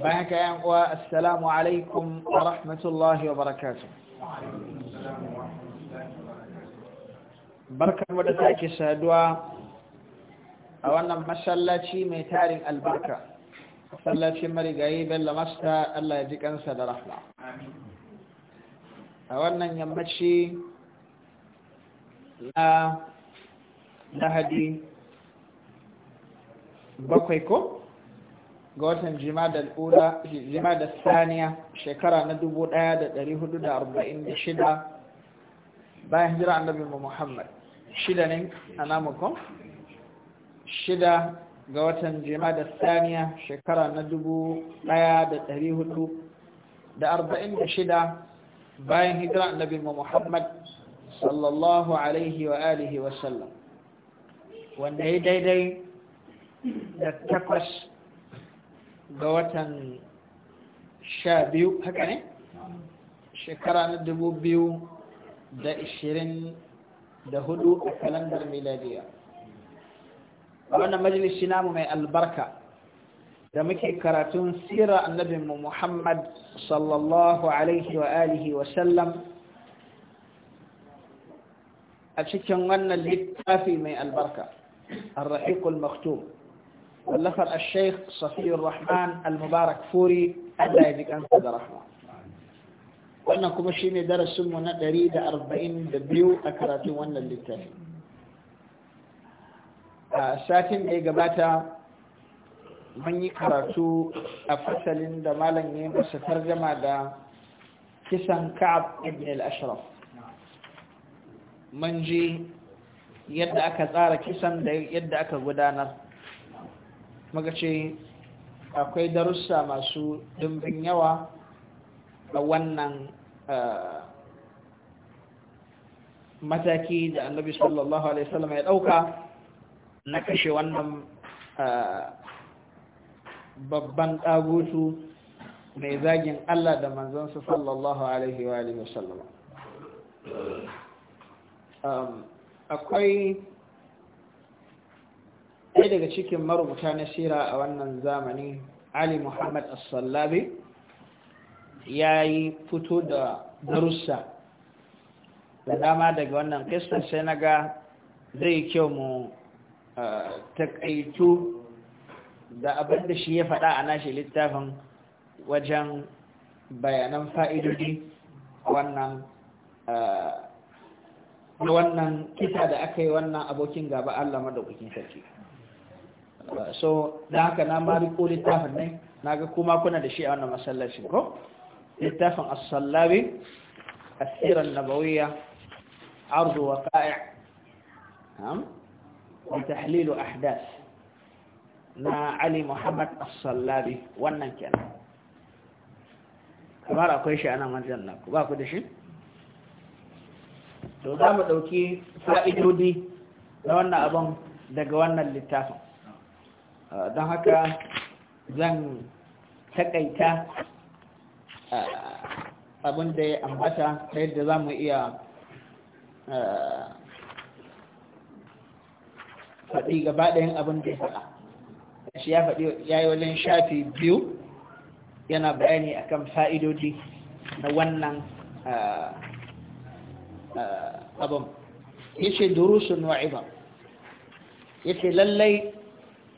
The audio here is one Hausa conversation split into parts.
بحك يا أخوة السلام عليكم ورحمة الله وبركاته بركة ودتاك سادوا أولا مسلتي ميتار البركة مسلتي مري قيب اللي مستا ألا يجيك أنسى درحلة أولا يمتشي لا لهدي بقيكم ga watan jimada ula jimada saniya shekara na 1446 bayan hijira annabi muhammad shida ne a namakon shida ga watan jimada saniya shekara na 1446 bayan hijira annabi muhammad sallallahu alaihi wa alihi wasallam wanda ya daidai da takwas ga watan sha biyu haka ne shekara na dubu biyu da ishirin da hudu a kalandar miladiya a wannan majalisi namu mai albarka da muke karatun sira annabinmu muhammad sallallahu alaihi wa alihi wa sallam a cikin wannan littafi mai albarka الرحيق المختوم والأخر الشيخ صفي الرحمن المبارك فوري الله يديك أنت ذا وأنا كمشيني درس سمونا دريد أربعين دبيو أكراتي وانا اللي تاني آه، ساكن إيه قباتا من يكراتو أفصلين دا مالاني مسترجمة دا كسان كعب ابن الأشرف منجي يدعك أكا زارة كسان دا يد غدانر muka ce akwai darussa masu dimbin yawa a wannan eh, mataki da annabi sallallahu alaihi wasallam ya dauka na kashe wannan eh, babban dagutu mai zagin Allah da manzansa sallallahu alaihi wa alihi wasallam um, akwai ɗaya daga cikin marubuta na sira a wannan zamani ali muhammad assallabi ya yi fito da darussa da dama daga wannan kristan sai na ga zai kyau mu takaitu da abin da shi ya faɗa a nashi littafin wajen bayanan fa'idodi wannan wannan kisa da aka yi wannan abokin gaba Allah madaukakin sarki so da haka na mari ko littafin ne na ga kuma kuna da shi a wannan masallacin ko littafin as-sallabi asirar nabawiyya ardu qa'i am wa tahlilu ahdas na Ali Muhammad as-sallabi wannan kenan kamar akwai shi a nan wajen nan ba ku da shi to za mu dauki fa'idodi na wannan abin daga wannan littafin don haka zan takaita ah, abin da ya ambata ta yadda za mu iya ah, faɗi gaba ɗayan abin da ya faɗa shi ya faɗi ya yi wajen shafi biyu yana bayani akan fa'idodi na wannan ah, abin ya ce durusun wa’iban ya ce lallai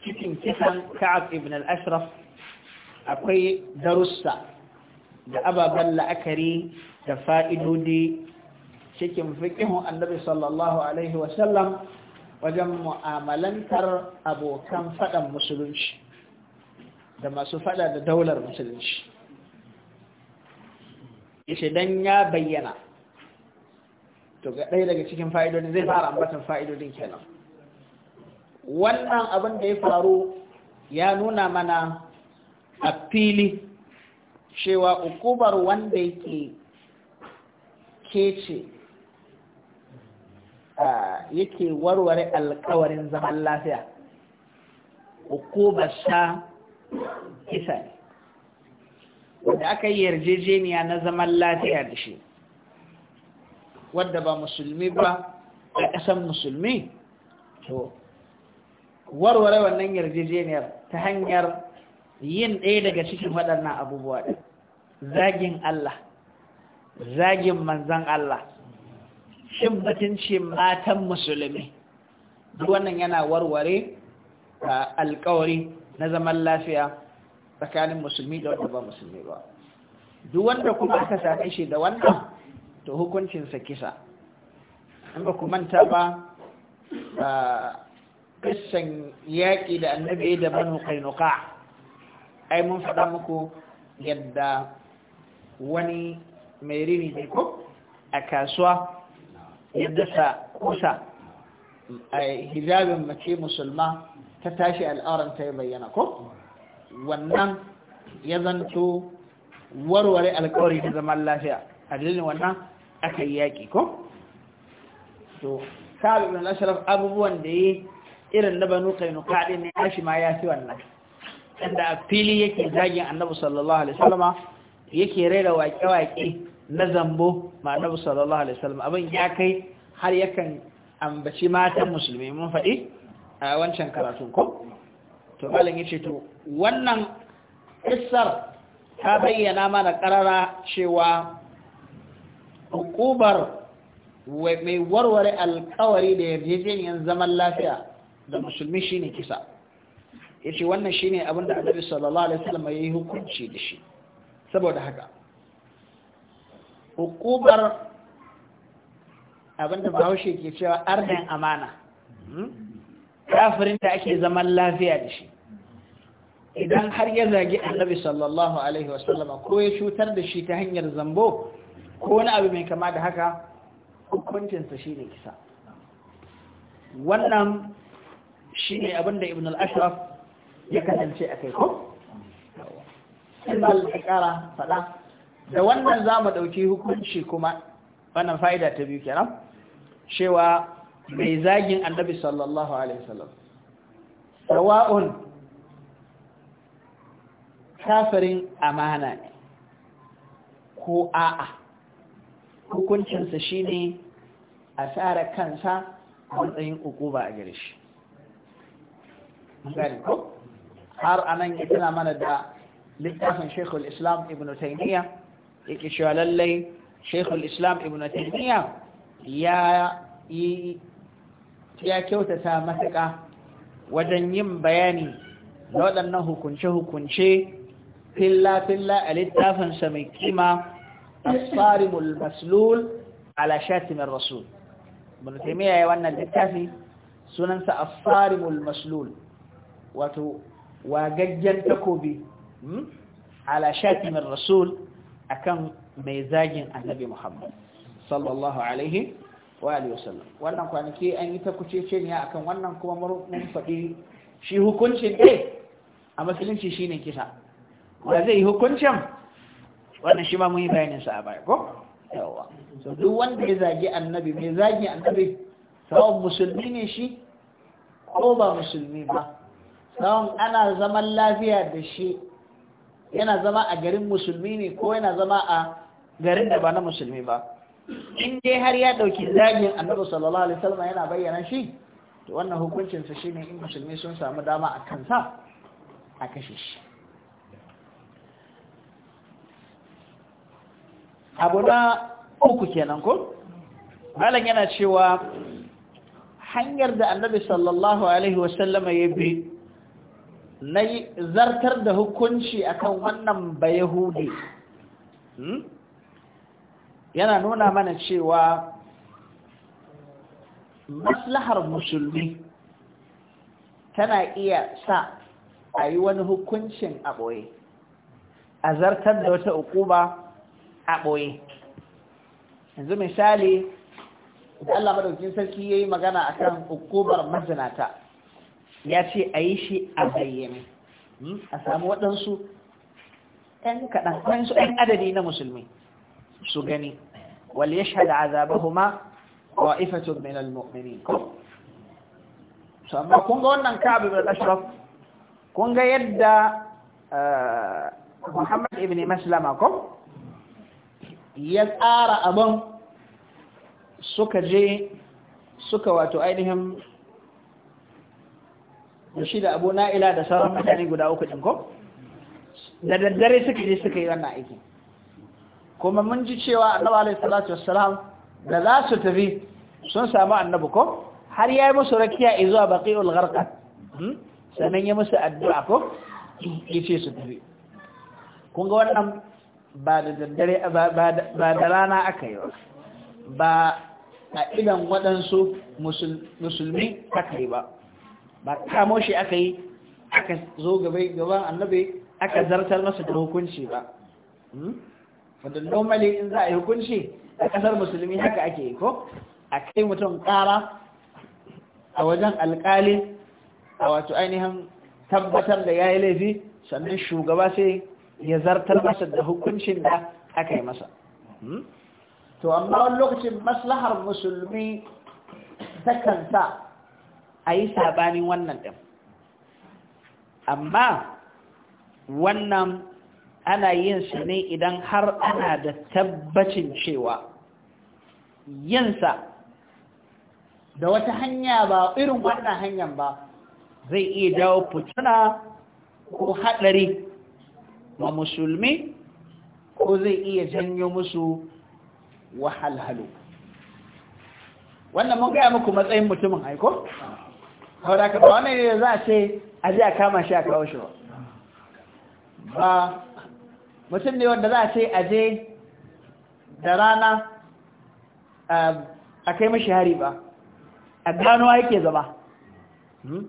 cikin kisan ka'ab ibn al-ashraf akwai darussa da ababen la'akari da fa'idodi cikin fiƙihun annabi sallallahu alaihi wasallam wajen mu'amalantar abokan faɗan musulunci da masu faɗa da daular musulunci ishe don ya bayyana to ga ɗaya daga cikin fa'idodin zai fara ambatan fa'idodin kenan wannan abin da ya faru ya nuna mana a fili cewa ukubar wanda yake kece yake warware alkawarin zaman lafiya ukubar sha kisa ne wanda aka yi yarjejeniya na zaman lafiya da shi wadda ba musulmi ba a ƙasan musulmi warware wannan yarjejeniyar ta hanyar yin ɗaya daga cikin waɗannan abubuwa ɗin zagin Allah zagin manzan Allah shin batunci matan musulmi wannan yana warware alkawari na zaman lafiya tsakanin musulmi da wanda ba musulmi ba duk wanda kuma aka same shi da wannan to hukuncinsa kisa in ba ku manta ba kissan yaƙi da annabi da banu kainuka ai mun faɗa muku yadda wani mai rini ne ko a kasuwa yadda sa kusa a hijabin mace musulma ta tashi ta ya bayyana ko wannan ya zanto warware alkawari na zaman lafiya a dalilin wannan aka yi yaƙi ko to sa'ad ibn al abubuwan da ya irin na banu kainuka kaɗi ne shi ma ya fi wannan inda a fili yake zagin annabi sallallahu alaihi wasallama yake raira waƙe-waƙe na zambo ma annabi sallallahu alaihi wasallama abin ya kai har yakan ambaci matan musulmi mun faɗi a wancan karatu ko to malam yace to wannan kissar ta bayyana mana karara cewa hukumar mai warware alkawari da yarjejeniyar zaman lafiya da musulmi shine kisa yace wannan shine abin da annabi sallallahu alaihi wasallam ya yi hukunci da shi saboda haka hukumar abin da bahaushe ke cewa arnin amana hmm? kafirin da ake zaman lafiya da shi idan har ya zagi annabi sallallahu alaihi wasallam ko ya cutar da shi ta hanyar zambo ko wani abu mai kama da haka hukuncinsa shi ne kisa wannan shi ne abinda ibn al-ashraf ya kasance a kai ko? sai kara faɗa da wannan za mu ɗauki hukunci kuma wannan fa'ida ta biyu kenan cewa mai zagin annabi sallallahu alaihi wasallam sawa'un kafirin amana ne ko a'a hukuncinsa shine a tsara kansa a matsayin ukuba a gare shi gane ko har anan ya tana mana da littafin shekul islam ibn taymiya yake cewa lallai shekul islam ibn taymiya ya yi ya kyautata matuƙa wajen yin bayani da waɗannan hukunce-hukunce filla-filla a littafinsa mai kima asarimul maslul ala shatimin rasul ibn taymiya ya wannan littafi sunansa asarimul maslul wato wagaggen takobi hmm, ala shafi min rasul akan mai zagin annabi muhammad sallallahu alaihi wa alihi wasallam wannan kwanaki an yi ta kucece kuceceniya akan wannan kuma mun faɗi shi hukuncin ɗai a musulunci shine kisa Wa zai yi hukuncin wannan shi ma mun yi bayanin sa a baya ko yawa so duk wanda ya zagi annabi mai zagi annabi sawon musulmi ne shi ko ba musulmi ba don ana zaman lafiya da shi yana zama a garin musulmi ne ko yana zama a garin da ba na musulmi ba in dai har ya dauki zagin annabi sallallahu alaihi wasallam yana bayyana shi to wannan hukuncinsa shine in musulmi sun samu dama a kansa a kashe shi abu na uku kenan ko malam yana cewa hanyar da annabi sallallahu alaihi wasallam ya bi na zartar da hukunci akan wannan bayahudi hmm? yana nuna mana cewa maslahar musulmi tana iya sa a yi wani hukuncin a ɓoye a zartar da wata ukuba a ɓoye yanzu misali da Allah madaukin sarki ya yi magana akan ukubar mazinata ya ce a yi shi a bayyane hmm? a samu waɗansu ɗan kaɗan waɗansu ɗan adadi na musulmi su gani wal ya shaɗa kuma wa ifatun min al-mu'mini su amma kun ga wannan ka'ab da ashraf kun ga yadda eh, Muhammad ibn Maslama ko ya tsara abin suka je suka wato ainihin da shi da abu na'ila da sauran mutane guda uku ɗin ko da daddare suka je suka yi wannan aiki kuma mun ji cewa annabi alaihi salatu wassalam da za su tafi sun samu annabi ko har ya yi musu rakiya zuwa baqi'ul gharqad hmm? sannan ya musu addu'a ko yace su tafi kun ga wannan ba da daddare ba da rana aka yi ba a idan waɗansu musulmi aka yi ba ba kamo shi aka yi aka zo gaban annabi aka zartar masa da hukunci ba wadda hmm? normally in za a yi hukunci a kasar musulmi haka ake yi ko a kai mutum kara a wajen alkali a wato ainihin tabbatar da ya yi laifi sannan shugaba sai ya zartar masa da hukuncin da aka yi masa hmm? to amma wani lokacin maslahar musulmi takan sa a yi sabanin wannan ɗin amma wannan ana yin su ne idan har ana da tabbacin cewa yinsa da wata hanya ba irin wannan hanyar ba zai iya dawo fituna ko haɗari ma musulmi ko zai iya janyo musu wahalhalu wannan mun gaya muku matsayin mutumin aiko? haura ka ba wannan ne za a ce a ji a kama shi a kawo shi ba ba mutum ne wanda za a ce a je da rana um, a kai mashi hari ba a ganuwa yake zaba. Hmm?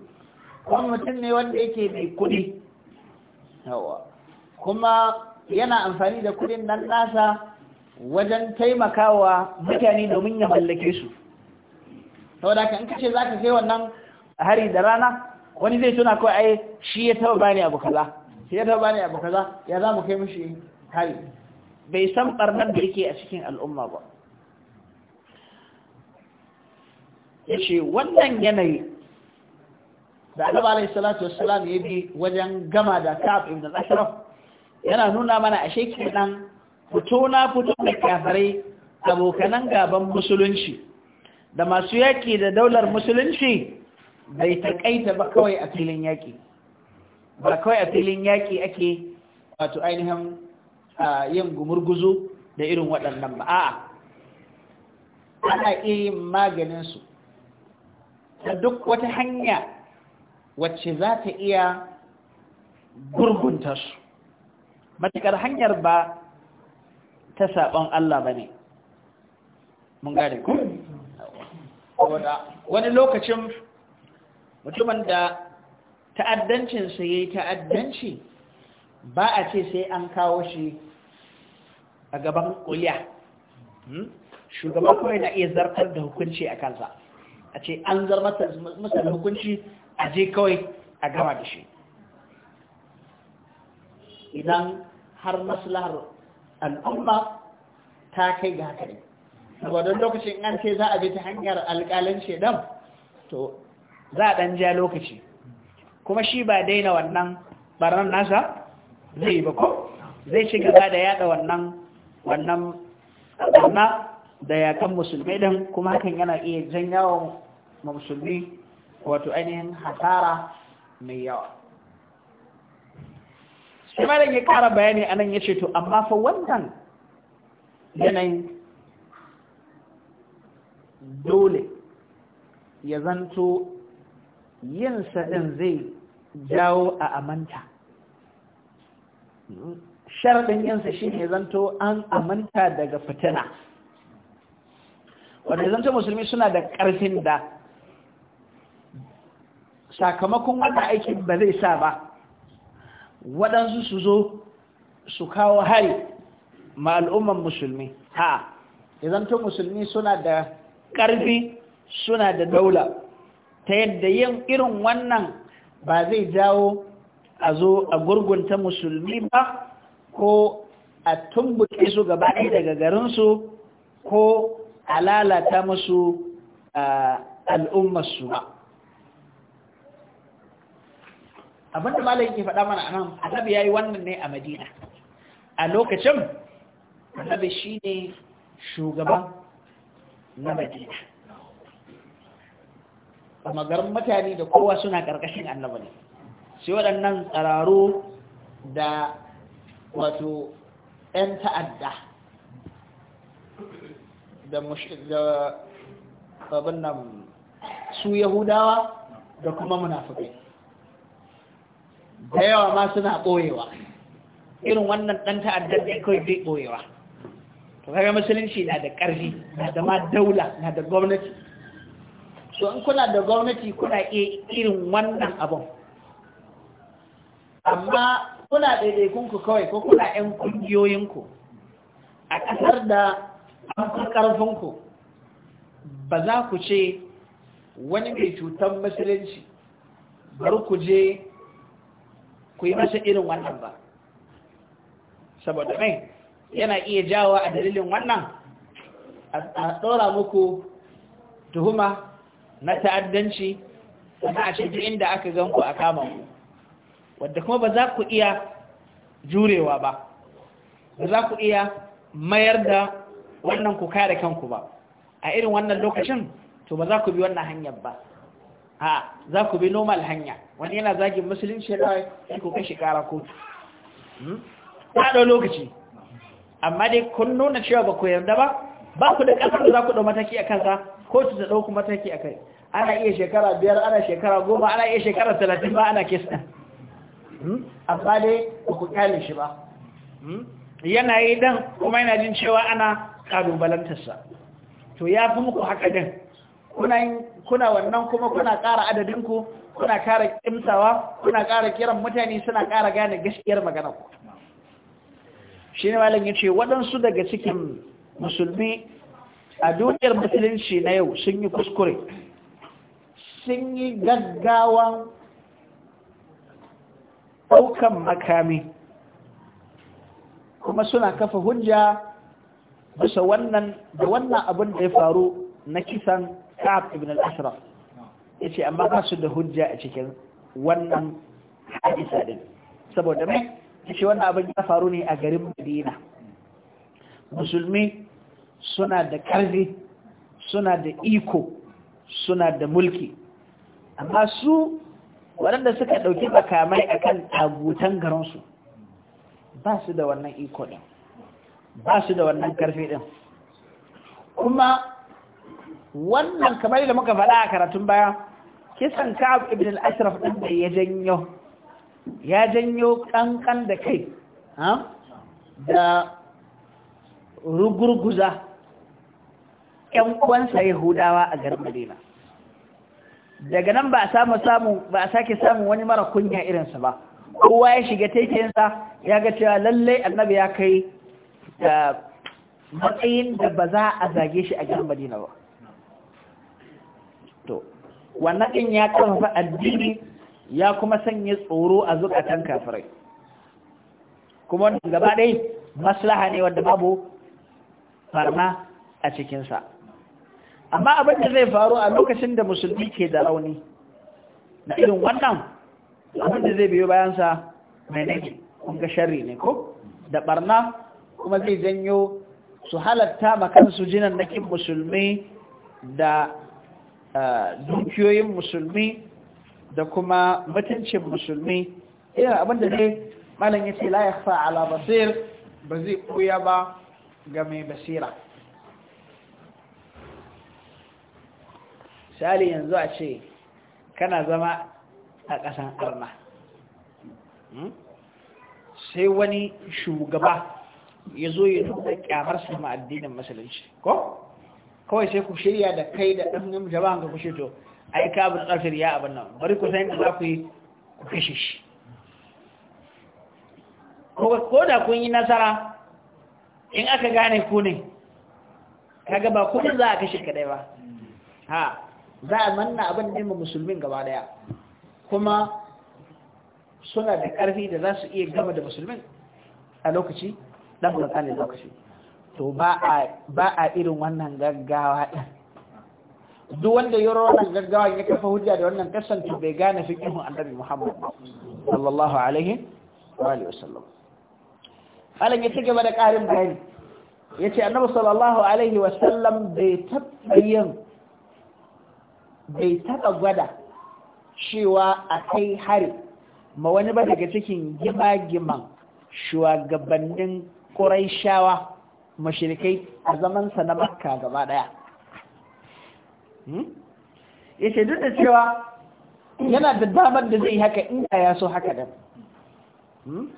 kuma mutum ne wanda yake mai kudi kuma yana amfani da kudin nan nasa wajen taimakawa mutane domin ya mallake su sau da in kace za ka kai wannan hari da rana wani zai tuna kawai ai shi ya taba bani abu kaza shi ya taba bani abu kaza ya za kai mishi hari bai san barnar da yake a cikin al'umma ba ya wannan yanayi da alaba alaihi salatu wassalam ya bi wajen gama da kaf ibn al-ashraf yana nuna mana ashe kenan fito na fito da kafirai abokanan gaban musulunci da masu yaki da daular musulunci bai taƙaita ba kawai a filin yaƙi ba kawai a filin yaƙi ake wato ainihin yin gumurguzu da irin waɗannan ba a'a ana iya yin maganinsu ta duk wata hanya wacce za ta iya gurgunta su matuƙar hanyar ba ta saɓon Allah ba ne mun gane ku wani lokacin mutumin da ta'addancinsa ya yi ta'addanci ba a ce sai an kawo shi a gaban kuliya hmm? shugaban kuma yana iya zartar da hukunci a kansa a ce an zar masa da hukunci a je kawai a gama da shi idan har maslahar al'umma ta kai ga haka ne saboda lokacin an ce za a bi ta hanyar alƙalin shedan to za a ɗan ja lokaci kuma shi ba daina wannan barnan nasa zai ba ko zai ci gaba da yada wannan wannan barna da yakan musulmi, don kuma hakan yana iya jan yawon musulmi wato ainihin hasara mai yawa shi ma ya kara bayani anan ya ce to amma fa wannan yanayin dole ya zanto yin ɗin zai jawo a amanta sharɗin yinsa shi ne zanto an amanta daga fitina wanda zanto musulmi suna da ƙarfin da sakamakon wata aikin ba zai sa ba waɗansu su zo su kawo hari ma al'umman musulmi ha zanto musulmi suna da ƙarfi suna da daula ta yadda yin irin wannan ba zai jawo a zo a gurgunta musulmi ba ko a tumbuke su gaba ɗaya daga garinsu ko a lalata musu al'ummarsu ba abinda malayin ke faɗa mana nan annabi ya yi wannan ne a madina a lokacin annabi shi ne shugaban na madina kuma garin mutane da kowa suna ƙarƙashin annaba ne shi waɗannan tsararo da wato 'yan ta'adda da abin nan su yahudawa da kuma munafukai da yawa ma suna ɓoyewa irin wannan ɗan ta'adda da kawai bai ɓoyewa ta kaga musulunci na da ƙarfi na da ma daula na da gwamnati to in kuna da gwamnati kuna iya irin wannan abin amma kuna ɗaiɗaikunku kawai ko kuna 'yan ƙungiyoyinku a ƙasar da amfan ƙarfinku ba za ku ce wani mai cutar musulunci bari ku je ku yi masa irin wannan ba saboda mai yana iya jawo a dalilin wannan a ɗora muku tuhuma na ta'addanci sannan a shirya inda aka ganku a kama ku wadda kuma ba za ku iya jurewa ba ba za ku iya mayar da wannan ku kare kanku ba a irin wannan lokacin to ba za ku bi wannan hanyar ba ha za ku bi normal hanya wani yana zagin musulunci da shi ko kashi kara kotu hmm? ta ɗau lokaci amma dai kun nuna cewa ba ku yarda ba ba ku da ƙasar za ku ɗau mataki a kansa kotu da ɗauku mataki a kai ana iya shekara biyar ana shekara goma ana iya shekara talatin ba ana kisa hmm? amma dai ba ku kyale shi ba hmm? yana yi dan kuma yana jin cewa ana balantarsa to ya fi muku haka din kuna wannan kuma kuna ƙara adadinku kuna ƙara ƙimsawa, kuna ƙara kiran mutane suna ƙara gane gaskiyar magana ku shi ne malam ya ce waɗansu daga cikin musulmi a duniyar musulunci na yau sun yi kuskure sun yi gaggawan ɗaukan makami kuma suna kafa hujja bisa wannan da wannan abin da ya faru na kisan ka'ab ibn al ya ce. amma ba su da hujja a cikin wannan hadisa din saboda mai ce wannan abin ya faru ne a garin Madina musulmi suna da karfi suna da iko suna da mulki amma su waɗanda suka ɗauki makamai a kan agutan garinsu ba su da wannan iko ɗin ba su da wannan karfi ɗin kuma wannan kamar da muka faɗa a karatun baya kisan kawo ibn al-ashraf ɗin da ya janyo ya janyo ƙanƙan da kai da rugurguza ‘yan uwansa Yahudawa a garin Madina. daga nan ba a samu samu ba a sake samun wani mara kunya irinsa ba kowa ya shiga taitayinsa ya ga cewa lallai annabi ya kai matsayin da ba za a zage shi a gidan madina ba to wannan ɗin ya karfafa addini ya kuma sanya tsoro a zukatan kafirai kuma gaba ɗaya maslaha ne wanda babu farma a cikinsa amma abin da zai faru a lokacin da musulmi ke da rauni na irin wannan abin da zai biyo bayansa mai nake kunga shari ne ko da barna kuma zai janyo su halatta makansu jinan nakin musulmi da eh, dukiyoyin musulmi da kuma mutuncin musulmi irin abin da zai malam ya ce la ya ala basir ba zai koya ba ga mai basira misali yanzu a ce kana zama a ƙasan arna hmm? sai wani shugaba ya zo ya nuna kyamar ma addinin musulunci ko kawai sai ku shirya da kai da ɗan jama'an ga kushe to ai ka abin ƙarfir ya abin nan bari ku san za ku yi ku kashe shi ko da kun yi nasara in aka gane ku ne kaga ba kuma za a kashe kadai ba ha za a manna abin da ma musulmin gaba daya kuma suna da ƙarfi da za su iya gama da musulmin a lokaci ɗan ƙanƙanin lokaci to ba a irin wannan gaggawa ɗin duk wanda ya wannan gaggawa ya kafa hujja da wannan kasance bai gane fi fiƙihun annabi muhammad sallallahu alaihi wa sallam alam ya ci gaba da ƙarin bayani ya ce annabi sallallahu alaihi wa sallam bai taɓa yin bai taɓa gwada cewa a kai hari ma wani ba daga cikin gima-giman shugabannin ƙuraishawa mashirikai a zamansa na makka gaba ɗaya hmm? ya ce duk da cewa yana da damar da zai haka inda ya so haka da hmm?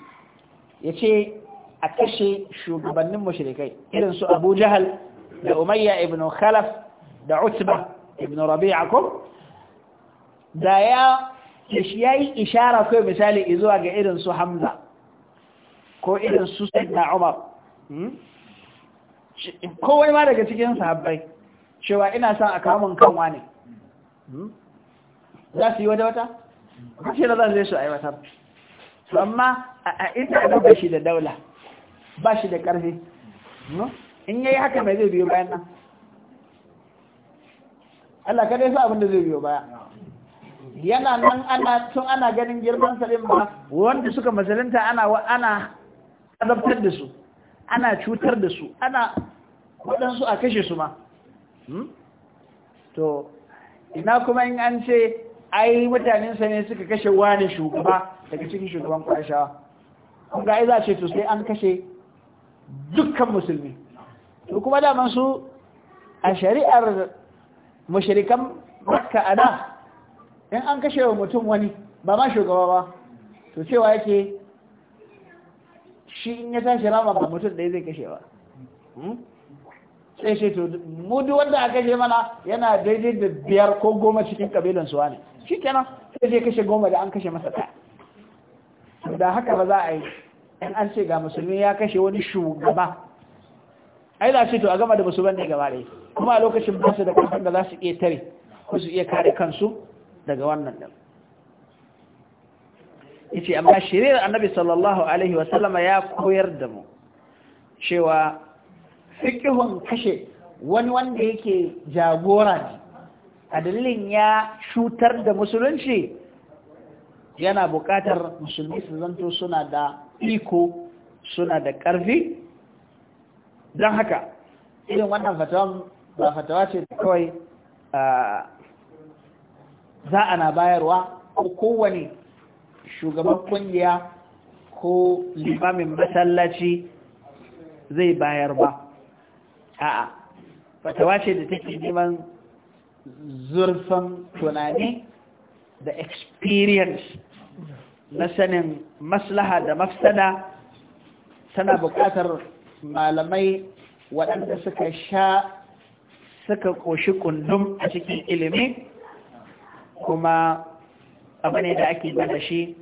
ya ce a kashe shugabannin mashirikai irin su abu jahal da umayya ibn khalaf da utba ibn rabi'a ko da ya yayi ishara ko misali izuwa ga irin su hamza ko irin su sayyidina umar hmm? kowai ma daga cikin sahabbai cewa ina son a kamun kanwa ne hmm? za su yi wata wata? kashe da za su aiwatar su amma a ita da ba shi da daula ba shi da ƙarfi hmm? in yayi haka mai zai biyo bayan nan Allah kada sa abin da zai biyo baya yana nan ana tun ana ganin girman sa ba wanda suka masalinta ana ana azabtar da su ana cutar da su ana waɗansu a kashe su ma hmm? to ina kuma in an ce ai sa ne suka kashe wani shugaba daga cikin shugaban kwasha kun ga za ce to sai an kashe dukkan musulmi to kuma daman su a shari'ar mushrikan makka a in an kashe wa mutum wani ba ma shugaba ba to cewa yake shi in ya tashi rama ba mutum da zai kashe ba hmm? sai shi to mu wanda aka kashe mana yana daidai da biyar ko goma cikin kabilan suwa ne shi kenan sai zai kashe goma da an kashe masa ɗaya da haka ba za a yi in an ce ga musulmi ya kashe wani shugaba ai za su to a gama da musulman bane gaba kuma a lokacin ba su da kafin da za su iya tare ko su iya kare kansu daga wannan ɗin yace amma shirin annabi sallallahu alaihi wasallama ya koyar da mu cewa fikihun kashe wani wanda yake jagora ne a dalilin ya cutar da musulunci yana buƙatar musulmi su zanto suna da iko suna da ƙarfi don haka irin wannan fatawa ba fatawa ce kawai za a na bayarwa ko kowane shugaban kungiya ko limamin masallaci zai bayar ba a'a fatawa ce da take neman zurfin tunani da experience na sanin maslaha da mafsada tana buƙatar malamai waɗanda suka sha suka ƙoshi kundum a cikin ilimi kuma abu ne da ake gada shi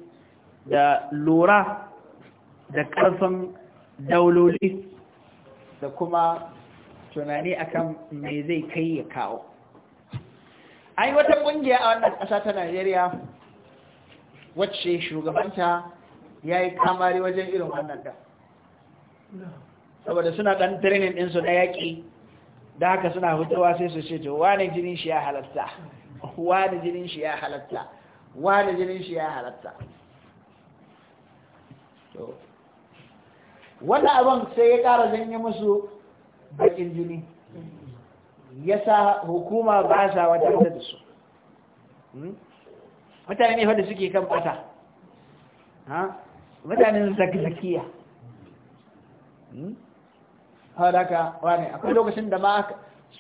da lura da ƙarfin dauloli da kuma tunani akan mai zai kai ya kawo an yi wata ƙungiya a wannan ƙasa ta najeriya wacce shugabanta ya yi kamari wajen irin wannan da saboda suna ɗan training ɗinsu na yaƙi da haka suna hutuwa sai su ce to wani jinin shi ya halatta wani jinin shi ya halatta wani jinin shi ya halatta to abin sai ya ƙara zanyi musu bakin jini ya sa hukuma ba sa wata da su hmm? mutane ne wadda suke kan ƙasa, mutanen saki-sakiya. Hmm? halaka wani akwai lokacin da ma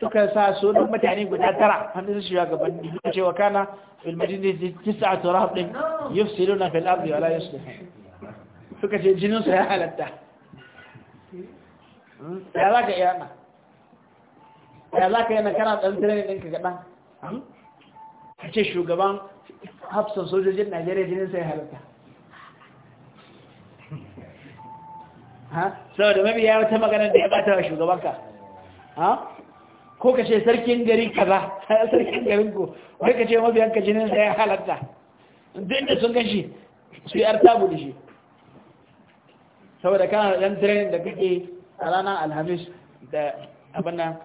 suka sa sunan mutane guda tara hannun su shiga gaban da duka cewa kana fil madinati tis'atu rahabin yufsiluna fil ardi wala yuslihun suka ce jinin sa ya halatta ya za ka yana ya za ka yana kana ɗan tirani ɗinka kaɗan a ce shugaban hafsan sojojin najeriya jinin sa ya halatta saboda mabiya wata magana da ya bata wa shugabanka ko ka ce sarkin gari kaza sarkin garin ku wai ka ce ka jinin sa ya halatta duk da sun gashi su yi artabu da shi saboda kana dan training da kake a ranar alhamis da abin nan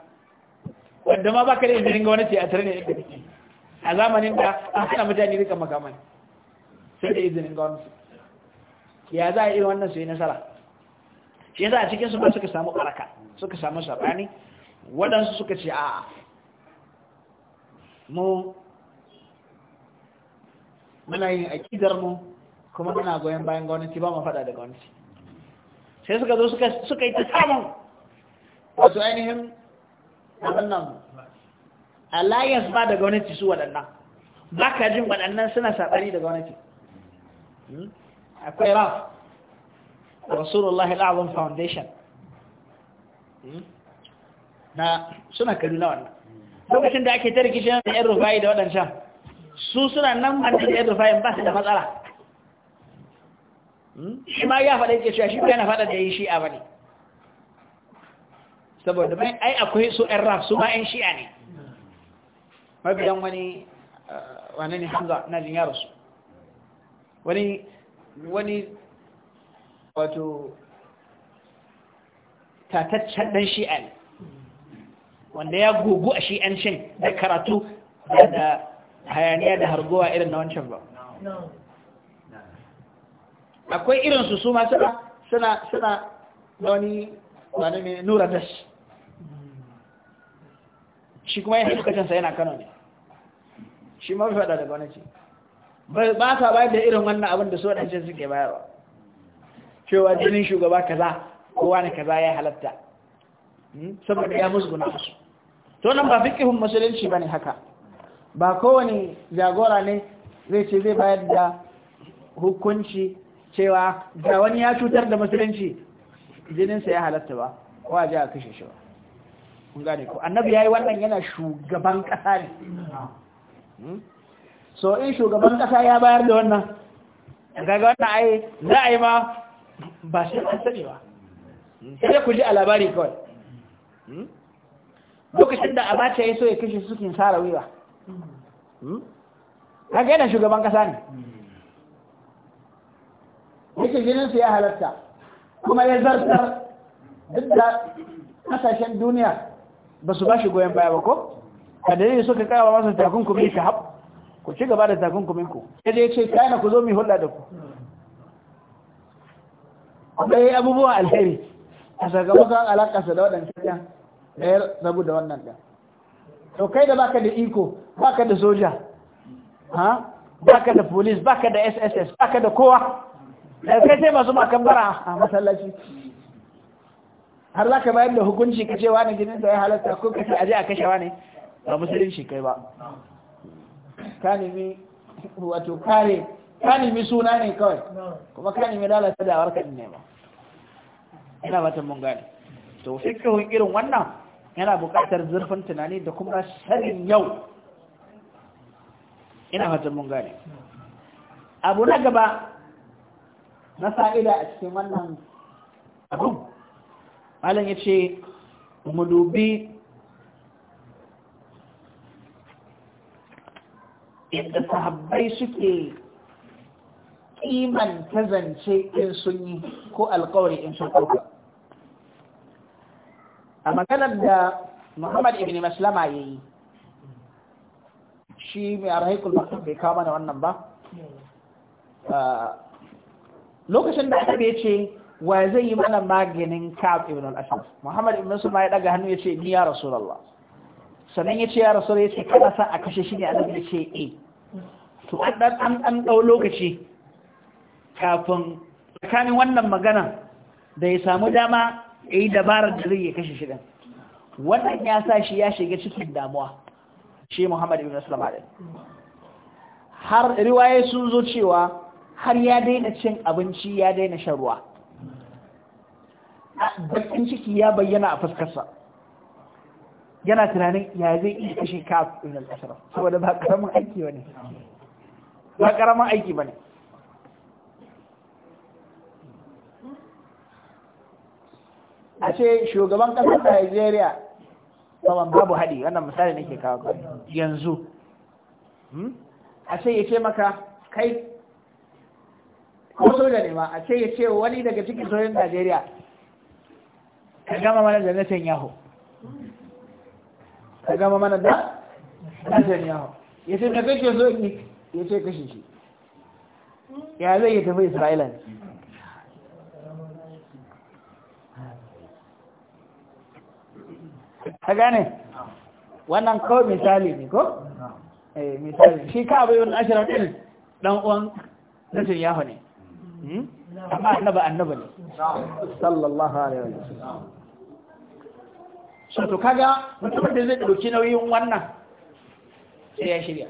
wanda ma baka da izinin ga wani ce a training da kake a zamanin da an hana mutane rika makamai sai da izinin ga wani ya za a yi wannan su yi nasara shi yasa a cikin su ba suka samu baraka suka samu sabani waɗansu suka ce a mu muna yin aƙidar mu kuma muna goyon bayan gwamnati ba mu faɗa da gwamnati sai suka zo suka yi ta samun wasu ainihin waɗannan alliance ba da gwamnati su waɗannan ba ka jin waɗannan suna saɓari da gwamnati hmm? akwai raf rasulullahi al'azam foundation hmm? na suna kaduna wannan lokacin da ake tare kishin da rufayi da waɗancan su suna nan ban da yan rufayin ba su da matsala hmm? shi ma ya faɗa ke cewa shi yana faɗa da yi shi'a ba ne saboda mai ai akwai su ɗan raf su ma shi shi'a ne Mabidan uh, wani wani ne hamza na jin yaro su wani wato tataccen dan shi'an ne wanda ya gugu a shi'ancin da karatu da hayaniya da hargowa irin na wancan ba akwai irinsu su masu ba suna suna wani wani mai nura das shi kuma yana lokacinsa yana kano ne shi mafi fada da gwamnati ba sa bayar da irin wannan abin da su waɗancan suke bayarwa cewa jinin shugaba kaza kowa ne kaza ya halatta hmm? saboda ya musguna su to nan ba fikihun musulunci ba ne haka ba kowane jagora ne zai ce zai bayar da hukunci cewa ga wani ya cutar da musulunci jininsa ya halatta ba kowa ji a kashe shi ba kun gane ko annabi yayi wannan yana shugaban kasa ne hmm? so in shugaban kasa ya bayar da wannan daga wannan ai za a yi ma ba shi an sani ba sai ku ji a labari kawai hmm? lokacin da abacha ya so ya kashe sukin sara wiwa haka hmm? yana shugaban kasa ne yake jininsu ya halatta kuma ya zartar duk da kasashen duniya ba su ba shi goyon baya ba ko ka so ka kawo masu takunkumi ka hap ku ci gaba da takunkuminku sai ya ce kayana ku zo mai hulɗa da ku da ya abubuwa alheri a sakamakon alakarsa da waɗancan ɗan da ya rabu da wannan ɗan to kai da baka da iko baka da soja ha baka da police baka da sss baka da kowa da kai sai masu makan bara a masallaci har za ka bayar da hukunci ka ce wani jinin da ya halatta ko ka ce aje a kashewa ne ba musulunci kai ba ka nemi wato kare ka nemi suna ne kawai kuma ka nemi lalata da warka in nema ina fatan mun gane to fikihun irin wannan yana buƙatar zurfin tunani da kuma sharin yau ina fatan mun gane abu na gaba na sa'ida a cikin wannan abun. malam ya ce mu dubi yadda sahabbai suke kiman ta zance in sun yi ko alkawari in sun ɗauka a maganar da muhammad ibn maslama ya yi shi mai arhaikul makon bai kawo mana wannan ba lokacin da aka ce wa zai yi mana maganin kaf ibn al-ashar muhammad ibn maslama ya daga hannu ya ce ni ya rasulallah sannan ya ce ya rasulallah ya ce kada sa a kashe shi ne a ya ce e to an ɗau lokaci kafin tsakanin wannan magana da ya samu dama ya yi dabarar da zai ya kashe shidan wannan ya sa shi ya shiga cikin damuwa shi muhammad ibn islam har riwaye sun zo cewa har ya daina cin abinci ya daina shan ruwa bakin ciki ya bayyana a fuskarsa yana tunanin ya zai iya kashe kafin al saboda ba karamin aiki ba ne. aiki bane a ce shugaban kasar Najeriya saman babu haɗi wannan misali nake kawo yanzu hmm? a ce ya ce maka kai ko soja ne ma a ce ya ce wani daga cikin sojin Najeriya ka gama mana da nasan yaho ka gama mana da nasan yaho ya ce ka kake so ya ce kashe shi ya zai yi tafi Isra'ila ka gane wannan kawai misali ne ko? eh misali shi ka abai wani ashirar ɗin dan uwan nutun yahu ne hmm? amma annaba annaba ne sallallahu alaihi wa sallam so to kaga mutumin da zai ɗauki nauyin wannan sai ya shirya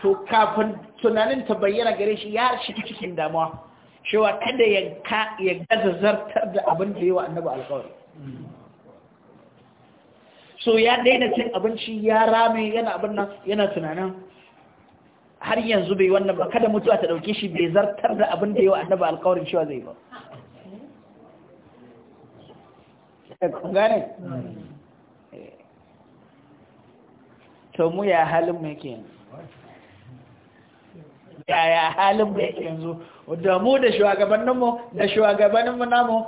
to kafin tunanin ta bayyana gare shi ya shiga cikin damuwa cewa kada ya gaza zartar da abin da yi wa annaba alkawari hmm. so ya daina cin abinci ya rame yana abin nan yana tunanin har yanzu bai wannan ba kada mutuwa ta dauke shi bai zartar da abin da yawa annaba alkawarin cewa zai ba gane to mu ya halin mu yake yanzu yaya halin mu yake yanzu da mu da mu da mu namu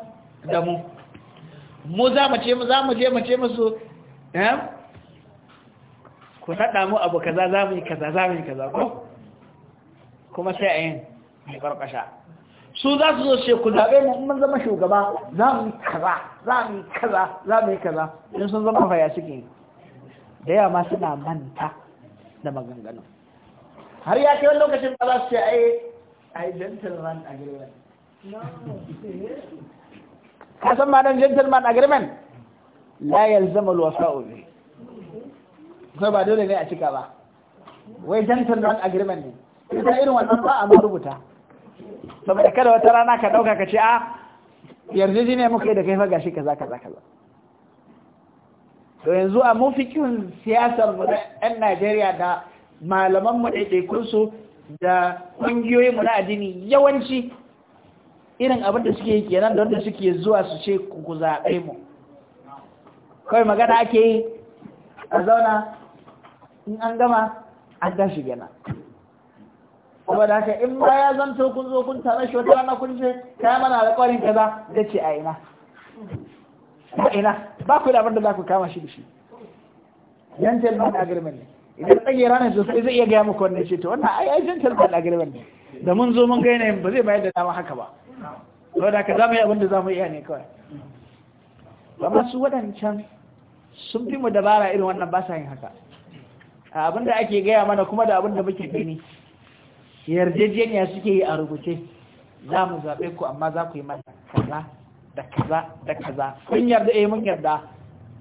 da mu mu za mu ce mu za mu je mu ce musu Eh? ku naɗa mu abu kaza za mu yi kaza za mu yi kaza ko kuma sai a yin mai ƙarƙasha su za su zo ce ku zaɓe mu mun zama shugaba za mu yi kaza za mu yi kaza za mu yi kaza in sun zama faya suke da yawa ma suna manta da maganganu har ya ke wani lokacin ba za su ce ai ai gentleman agreement ka san ma dan gentleman agreement la yalzama alwafa'u bi Kuma ba dole ne a cika ba wai gentleman agreement ne ita irin wannan ba a rubuta saboda kada wata rana ka dauka ka ce a ah, yarjeji ne muka yi da kai fa gashi kaza kaza kaza to yanzu a mafikin siyasar mu 'yan Najeriya da malaman mu su da ƙungiyoyin mu na addini yawanci irin abin da suke kenan da wanda suke zuwa su ce ku zaɓe mu kawai magana ake yi a zauna in an gama an tashi gana kuma da haka in ba ya zanto kun zo kun tare shi wata rana kun ce kai mana alƙawarin kaza da ce a ina a ina ba ku da abin da za ku kama shi da shi yan na agreement ne idan tsage ranar sosai zai iya gaya muku wannan ce to wannan ai ai gentleman agreement ne da mun zo mun gaina ba zai bayar da dama haka ba saboda haka za mu yi abin da za mu iya ne kawai ba su waɗancan sun fi mu dabara irin wannan ba sa yin haka abinda ake gaya mana kuma da abinda muke gani yarjejeniya suke yi a rubuce za mu zaɓe ku amma za ku yi mata kaza da kaza da kaza kun yarda eh mun yarda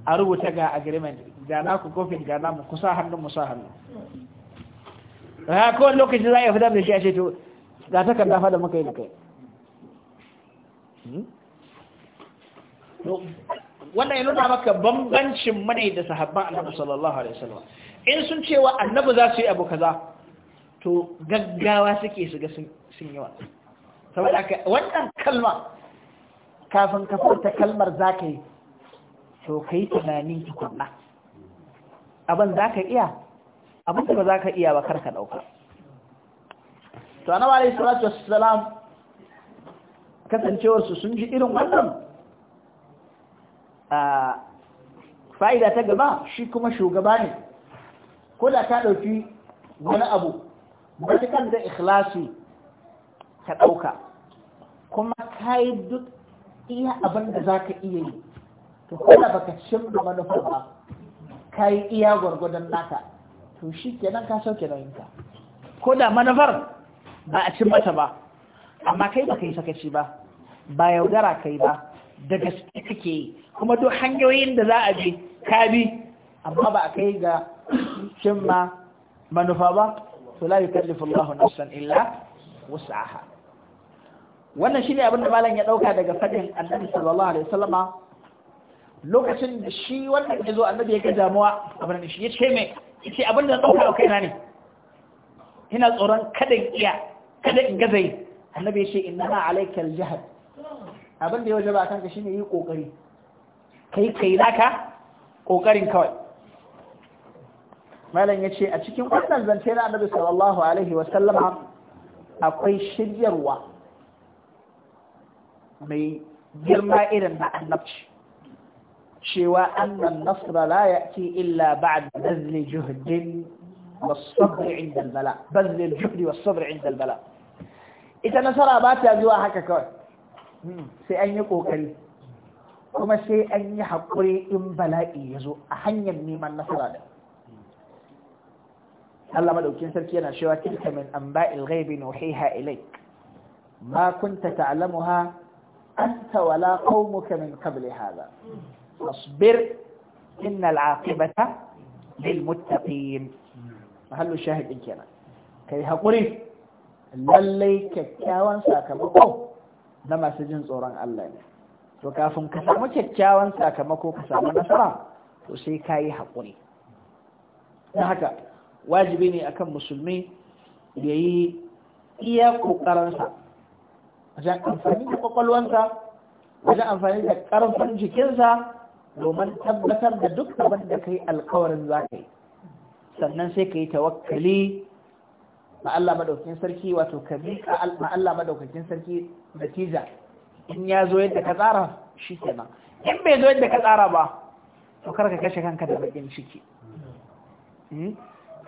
a rubuta ga agreement ga na ku kofin ga na mu kusa hannu mu sa hannu ha ko lokaci za a fitar da shi a ce to ga ta kaza fa da muka yi da kai hmm? wannan ya nuna maka bambancin mane da sahabban annabi sallallahu alaihi wasallam in sun cewa annabi za su yi abu kaza to gaggawa suke su ga sun yi wa saboda ka wannan kalma kafin ka furta kalmar za ka yi to ka yi tunanin tukunna abin za ka iya abin da ba za ka iya ba kar ka ɗauka to annabi alaihi wasallam kasancewarsu sun ji irin wannan fa'ida ta gaba shi kuma shugaba ne ko da ta ɗauki wani abu kan da ikhlasi ka ɗauka kuma ka yi duk iya abin da za ka iya yi to kuma baka da manufar ba ka yi iya gwargwadon naka to shi kenan ka sauke nauyinka ko da manufar ba a cin mata ba amma kai ba ka yi sakaci ba ba yaudara ka yi ba da gaske kake yi kuma duk hanyoyin da za a bi ka bi amma ba a kai ga cimma manufa ba to la yukallifu Allahu nafsan illa wus'aha wannan shine abin da malam ya dauka daga fadin Annabi sallallahu alaihi wasallama lokacin da shi wannan ya zo annabi ya ga damuwa abin da shi ya ce me yace abin da dauka a kaina ne ina tsoron kada in iya kada in gazai. annabi ya ce inna alaikal jihad abin da ya waje ba kanka shine yi kokari kai kai naka kokarin kawai malam ce a cikin wannan zance na Annabi sallallahu alaihi wa sallam akwai shiryarwa mai girma irin na annabci cewa annan nasra la ya'ti illa ba'da bazli juhdin والصبر عند البلاء بذل الجهد والصبر عند البلاء ita nasara ba ta zuwa haka kawai sai an yi kokari kuma sai an yi haƙuri in bala'i ya zo a hanyar neman nasara da Allah madaukin sarki yana cewa tilka min anba'il ghaibi nuhiha ilayk ma kunta ta'lamuha anta wala qaumuka min qabl hadha fasbir innal 'aqibata lil muttaqin mahallu shahid din kenan kai haƙuri lallai kyakkyawan sakamako na masu jin tsoron Allah ne to kafin ka samu kyakkyawan sakamako ka samu nasara to sai ka yi haƙuri Na haka wajibi ne akan musulmi ya yi iya ƙoƙarinsa wajen amfani da ƙwaƙwalwansa wajen amfani da ƙarfin jikinsa domin tabbatar da duk abin da ka yi alkawarin za ka yi sannan sai ka yi tawakkali ma Allah madaukakin sarki wato ka bi ma Allah madaukakin sarki natija in ya zo yadda ka tsara shi kenan in bai zo yadda ka tsara ba to kar ka kashe kanka da bakin ciki hmm?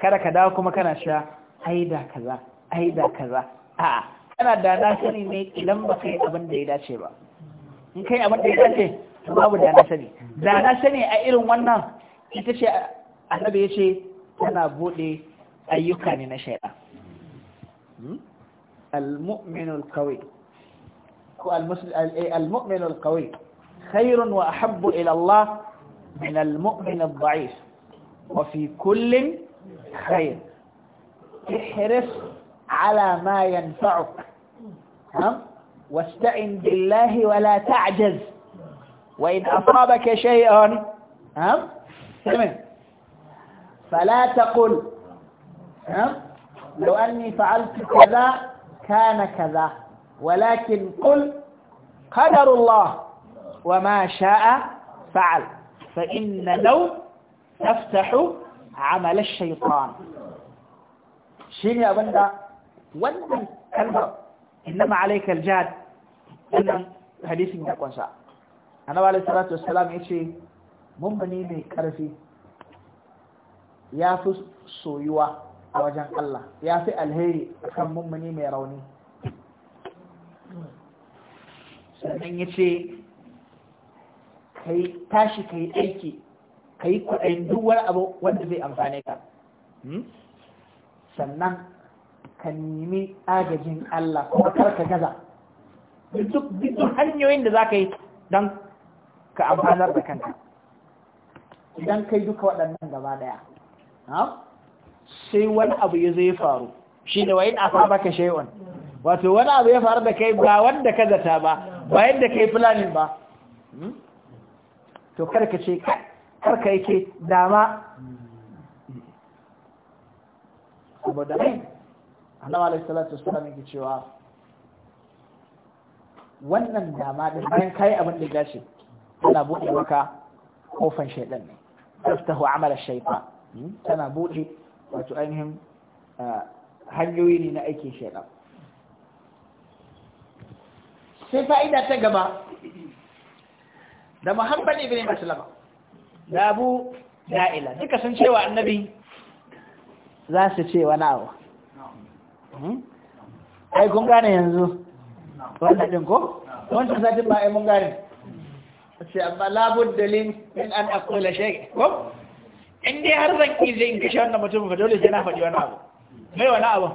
kada ka dawo kuma kana sha aida kaza aida kaza a'a kana da na sani ne idan ba kai abin da ya dace ba in kai abin da ya dace to babu da na sani da na sani a irin wannan ita ce annabi ya ce tana bude ayyuka ne na shaida hmm? al-mu'minul إيه، المؤمن القوي خير وأحب إلى الله من المؤمن الضعيف وفي كل خير احرص على ما ينفعك ها؟ واستعن بالله ولا تعجز وإن أصابك شيء ها؟ فلا تقل ها؟ لو أني فعلت كذا كان كذا ولكن قل قدر الله وما شاء فعل فإن لو تفتح عمل الشيطان شين يا بندا وانتم كلمر إنما عليك الجاد إنما حديث من أقوى أنا وعلى الصلاة والسلام يشي ممني من كرفي يافو سويوة وجن الله يافي الهي كم ممني ميروني sannan ya ce tashi ka yi aiki ka yi duk wani abu wanda zai amfane ka hmm? sannan ka nemi agajin Allah kuma karka gaza duk hanyoyin da za ka yi don ka amfanar da kanka idan kai duka waɗannan gaba ɗaya sai wani abu ya zai faru shi da wayin ka shay'un wato wani abu ya faru da kai ba wanda ka zata ba ba yadda ka yi planning ba hmm? to karka ce karka yake dama saboda mai annabi alaihi salatu wasallam yake cewa wannan dama da bayan kai abin da gashi tana buɗe maka kofan shaidan ne taftahu amala shaytan hmm? tana buɗe wato ainihin ah, hanyoyi ne na aikin shaydan sai fa'ida ta gaba da muhammad ibn maslama da abu da'ila duka sun cewa annabi za su ce wani abu hmm? ai kun gane yanzu wanda ɗin ko wancan satin ba ai mun gane ce amma labun dalin in an akwai lashe ko in dai har zan ƙi zai in kashe wannan mutum fa dole sai na faɗi wani abu mai wani abu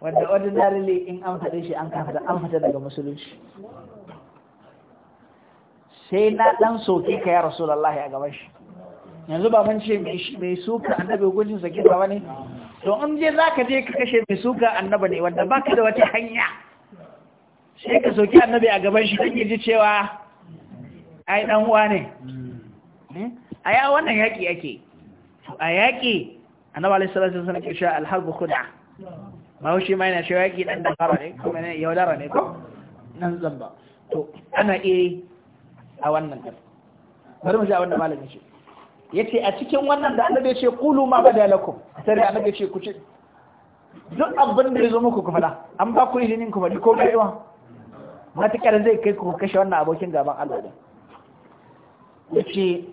wanda ordinarily in an faɗe shi an kafa an fita daga musulunci sai na ɗan soke ka ya rasu lallahi a gaban shi yanzu ba mun ce mai suka annabi hukuncin sa ba wani to in je za ka je ka kashe mai suka annaba ne wanda ka da wata hanya sai ka soke annabi a gaban shi kake ji cewa ai dan uwa ne hmm? a ya wannan yaƙi yake a yaƙi annabi alaihi salatu wasallam ke cewa alharbu khud'a bahaushe ma yana cewa yaƙi ɗan dabara ne kuma ne yaudara ne ko nan zamba to ana iya a wannan ɗan bari mu ji a wannan malami ce ya ce a cikin wannan da annabi ce kulu ma ba da lakum sai da annabi ce ku ce duk abin da ya zo muku ku faɗa an ba ku izinin ku faɗi ko kaiwa matuƙar zai kai ku kashe wannan abokin gaban Allah ya ce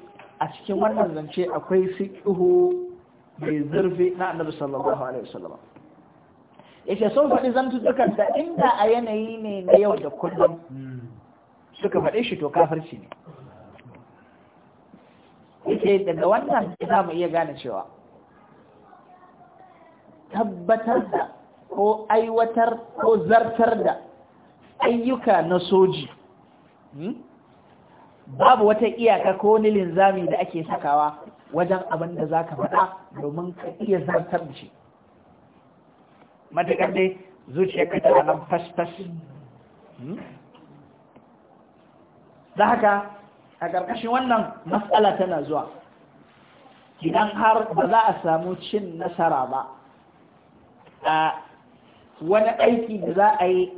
a cikin wannan zance akwai fiƙihu mai zurfi na annabi sallallahu alaihi wasallam yace sun faɗi zantukan da inda a yanayi ne na yau da kullum suka faɗe shi to kafarci ne yake daga wannan za mu iya gane cewa tabbatar da ko aiwatar ko zartar da ayyuka na soji hmm? babu wata iyaka ko linzami da ake sakawa wajen abin da za ka faɗa domin ka iya zartar da shi matakar dai kata a nan fas hmm? da haka a ƙarƙashin wannan matsala tana zuwa idan har ba za a samu cin nasara ba a wani aiki da za a yi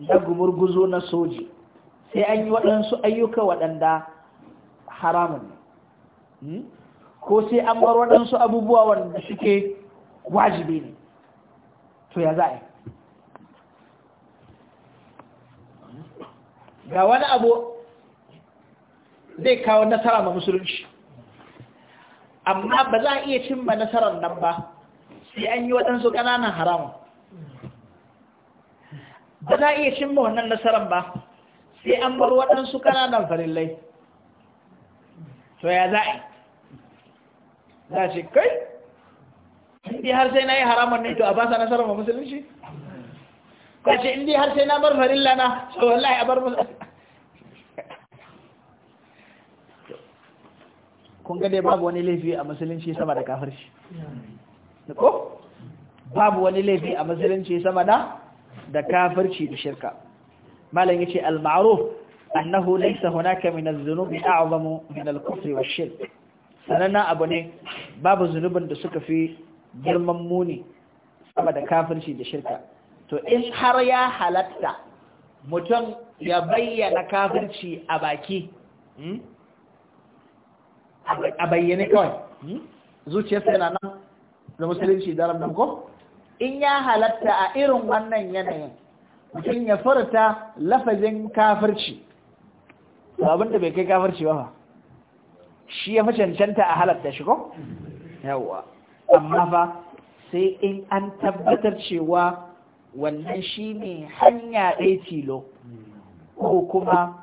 na gumurguzo na soji sai an yi waɗansu ayyuka waɗanda haramun hmm? ko sai an bar waɗansu abubuwa wanda suke wajibi ne to ya za'a ga wani abu zai kawo nasara ma musulunci amma ba za a iya cimma nasarar nan ba sai an yi waɗansu ƙananan haramun ba za a iya cimma wannan nasarar ba sai an bar waɗansu ƙananan farillai to ya za'a za a ce kai indi har sai na yi haramun ne to a basa nasarar ma musulunci kwace indi har sai na bar farilla na so wallahi a bar musulunci kun ga dai babu wani laifi a musulunci sama da kafar kafirci ko babu wani laifi a musulunci sama da da kafar shi da shirka malam ce al-ma'ruf annahu laysa hunaka min adh-dhunubi a'zamu min al-kufri wash-shirk sanana abu ne babu zunubin da suka fi girman muni saboda kafirci da shirka to in har ya halatta mutum ya bayyana kafirci a baki hmm? a bayyane kawai hmm? zuciyarsa yana nan da musulunci da ramdan ko in ya halatta a irin wannan yanayin mutum ya furta lafazin kafirci abin da bai kai kafirci ba shi ya fi cancanta a halatta shi ko yawwa amma ba sai in an tabbatar cewa wannan shine hanya ɗaya tilo ko kuma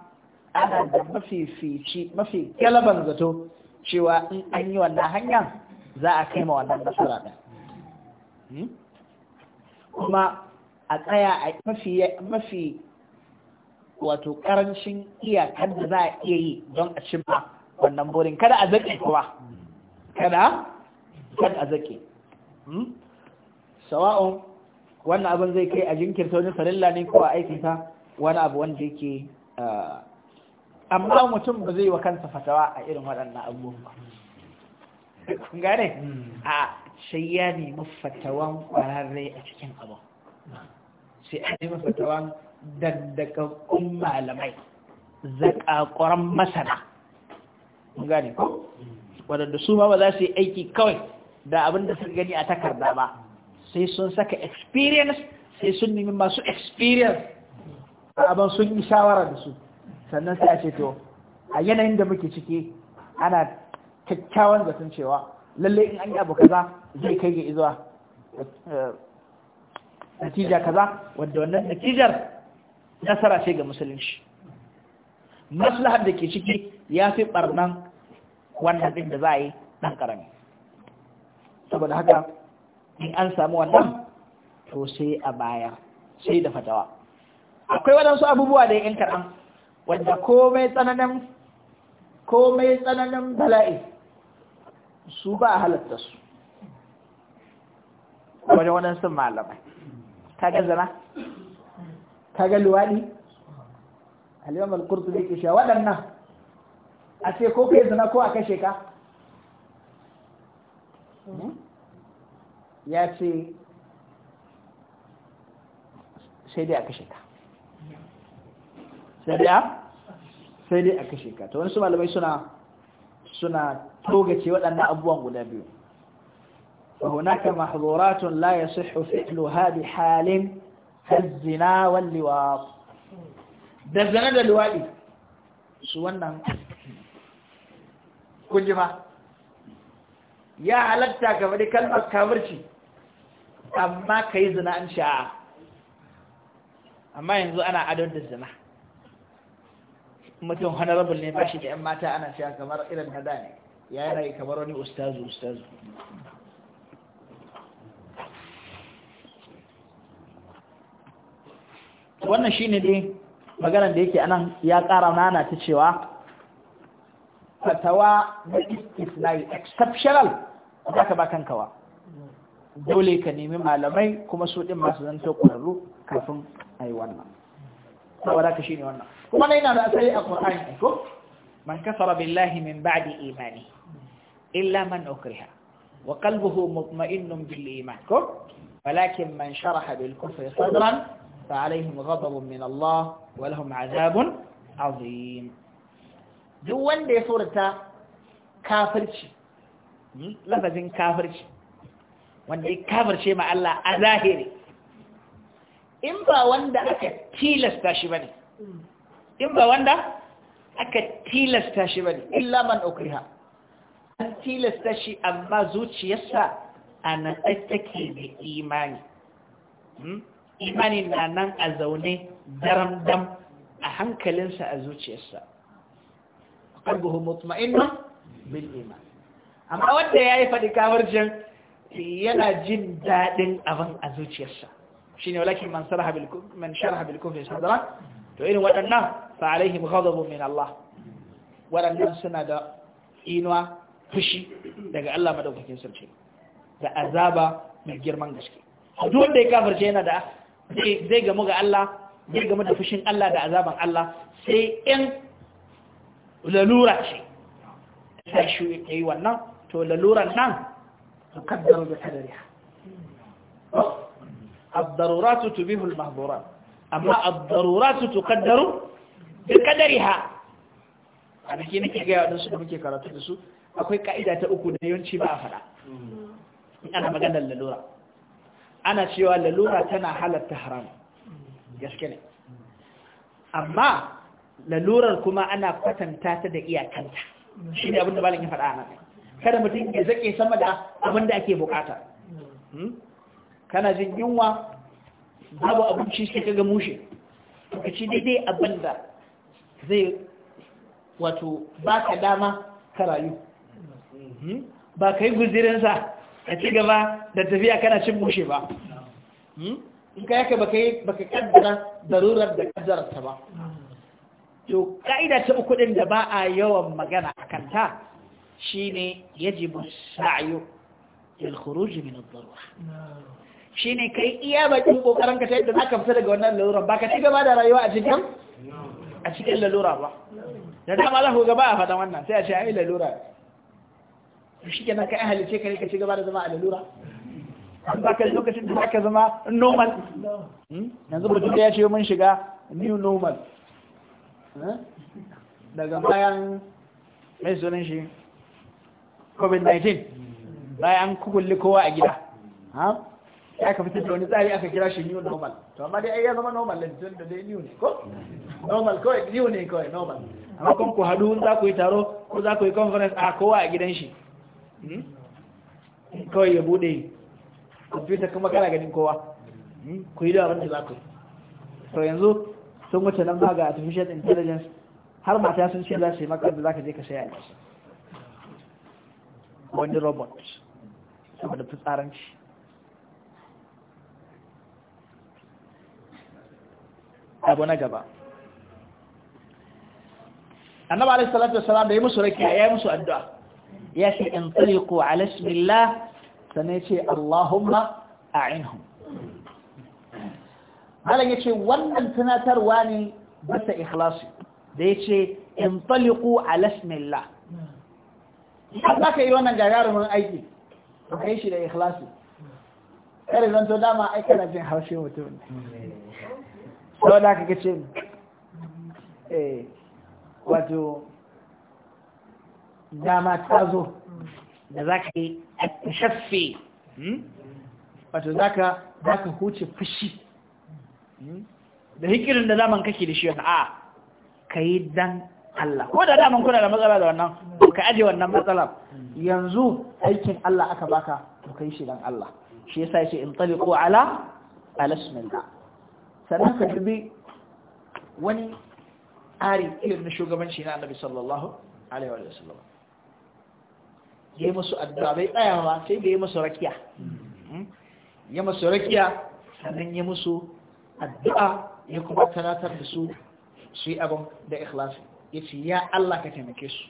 ana da mafifici mafi galaban zato cewa in an yi wannan hanyar za a kai ma wannan nasara ɗin hmm? kuma a tsaya a mafi wato ƙarancin iyakar da za a iya yi don a cimma wannan burin kada a zaƙe kuma kada kan a zaƙe hmm? sawa'un wannan abin zai kai a jinkirta wani farilla ne ko a aikata wani abu wanda yake ah, amma mutum ba zai wa kansa fatawa a irin waɗannan abubuwan ba kun gane hmm. a ah, sai ya nemi fatawan ƙwararre a cikin abu sai a nemi fatawan daddakakkun malamai zaƙaƙuran masana kun gane ko hmm. waɗanda su ma ba za su yi aiki kawai da abin da gani a takarda ba sai sun saka experience sai sun nemi masu experience abin sun yi shawara da su sannan sai a ce to a yanayin da muke ciki ana kyakkyawan zaton cewa lalle in an yi abu kaza zai kai ga izuwa eh, natija kaza wadda wannan natijar nasara ce ga musulunci maslahar da ke ciki ya fi barnan wannan din da za a yi ɗan ƙarami saboda haka in an samu wannan to sai a baya sai da fatawa akwai waɗansu abubuwa da in kaɗan wanda komai tsananin komai tsananin bala'i su ba a halatta su wajen waɗansu malamai kaga zana ga luwaɗi alimam malkurtu kurtubi ke sha waɗannan a ce ko kai zana ko a kashe ka hmm? ya ce sai dai a kashe ka sai dai sai dai a kashe ka to wani su malamai suna suna ce waɗannan abubuwan guda biyu وهناك محظورات لا يصح فعلها بحال الزنا واللواط da zana da luwaɗi su wannan kunjima ya halatta ka faɗi kalmar kafirci amma ka yi zina an sha'a amma yanzu ana adon da zina mutum honorable ne ba da 'yan mata ana sha kamar irin hada ne ya yi rai kamar wani ustazu ustazu wannan shi ne dai maganar da yake anan ya ƙara nana ta cewa fatawa na yi exceptional za ka ba kankawa dole ka nemi malamai kuma su din masu zanta kwararru kafin a yi wannan saboda ka shi ne wannan kuma na yana da asali a ƙwararri ko man kasara billahi min ba'di imani illa man ukriha wa qalbuhu mutma'innun bil iman ko walakin man sharaha bil kufri sadran fa alaihim ghadabun min Allah wa lahum azabun azim duk wanda ya furta kafirci lafazin kafirci wanda ya kafarce ma Allah a zahiri in ba wanda aka tilasta shi bane in ba wanda aka tilasta shi bane illa man ukriha an tilasta shi amma zuciyarsa a nan take da imani hmm? imani na nan a zaune daram-dam a hankalinsa a zuciyarsa ƙarguhu mutuma'inna bil iman amma wanda ya yi faɗi kawarjin yana jin daɗin abin a zuciyarsa shi ne walakin man sharha bil kufri sadran to irin waɗannan fa alaihim ghadabu min Allah waɗannan suna da inuwa fushi daga Allah madaukakin sarki da azaba mai girman gaske duk wanda ya kafirce yana da zai gamu ga Allah zai gamu da fushin Allah da azaban Allah sai in lalura ce sai shi yi wannan to lalura nan تقدر بقدرها الضرورات تبيه المحظورات أما الضرورات تقدر بقدرها أنا كي نكي جاء نسو نكي كاراتو نسو أكوي قائدة تأكو نيون شبا أفلا أنا مجانا اللورة أنا شوى اللورة تنا حالة تهران جسكني أما lalurar kuma ana kwatanta ta da iyakanta shi ne abinda balin ya faɗa nan kada mutum ya zake sama da abin da ake bukata hmm? kana jin yunwa babu abinci sai kaga mushe ka ci daidai abin da zai wato baka dama ka rayu hmm? ba kai sa ka ci gaba da tafiya kana cin mushe ba hmm? in ka yaka ba ka kaddara darurar da kaddararsa ba to ka'ida ta uku da ba a yawan magana a kanta shine yajibu sa'yu da khuruj min ad-darura shine kai iya bakin kokarin ka ta yadda zaka fita daga wannan lalura ba ka ci gaba da rayuwa a cikin a cikin lalura ba da dama za ku gaba a faɗa wannan sai a ce ai lalura shi ka yi halice ka ne ka ci gaba da zama a lalura ba ka lokacin da ka zama normal hmm? yanzu mutum ya ce mun shiga new normal hmm? daga bayan mai sunan shi covid-19 bayan kukulli kowa a gida ya ka fitar da wani tsari aka kira shi new normal to amma dai ya zama normal lantin da dai new ne ko normal ko new ne ko normal amma kun ku haɗu za ku yi taro ko za ku yi conference a kowa a gidan shi hmm? kawai ya bude computer kuma kana ganin kowa hmm? ku yi da wanda za ku yi to yanzu sun wuce nan ga artificial intelligence har mata sun ce za su yi maka da za ka je ka saya a wani robot saboda fitsaranci abu na gaba annaba alaihi salatu wassalam da ya musu rakiya ya musu addu'a ya ce in tsaliku ala bismillah sanai ce allahumma a a'inhum malam yace wannan tunatarwa ne bisa ikhlasi da ya yace in tsaliku ala bismillah idan za ka yi wannan gagarumin aiki ka kai shi da ikhlasi kare zanto dama aika na jin haushe mutum ne sau da ka ce eh, wato dama ta zo da za ka yi shaffe hmm? wato za ka huce fushi hmm? da hikirin da zaman kake da shi wata a ka yi dan Allah ko da daman kuna da matsala da wannan ka aje wannan matsalar yanzu aikin Allah aka baka to kai shi dan Allah shi yasa yace in taliqu ala alasmillah sannan ka dubi wani ari irin na shugabanci na Annabi sallallahu alaihi wa sallam yayi musu addu'a bai tsaya ba sai da yayi musu rakiya hmm? ya musu rakiya sannan ya musu addu'a ya kuma tanatar da su su yi abin da ikhlasi ya ce ya Allah ka taimake su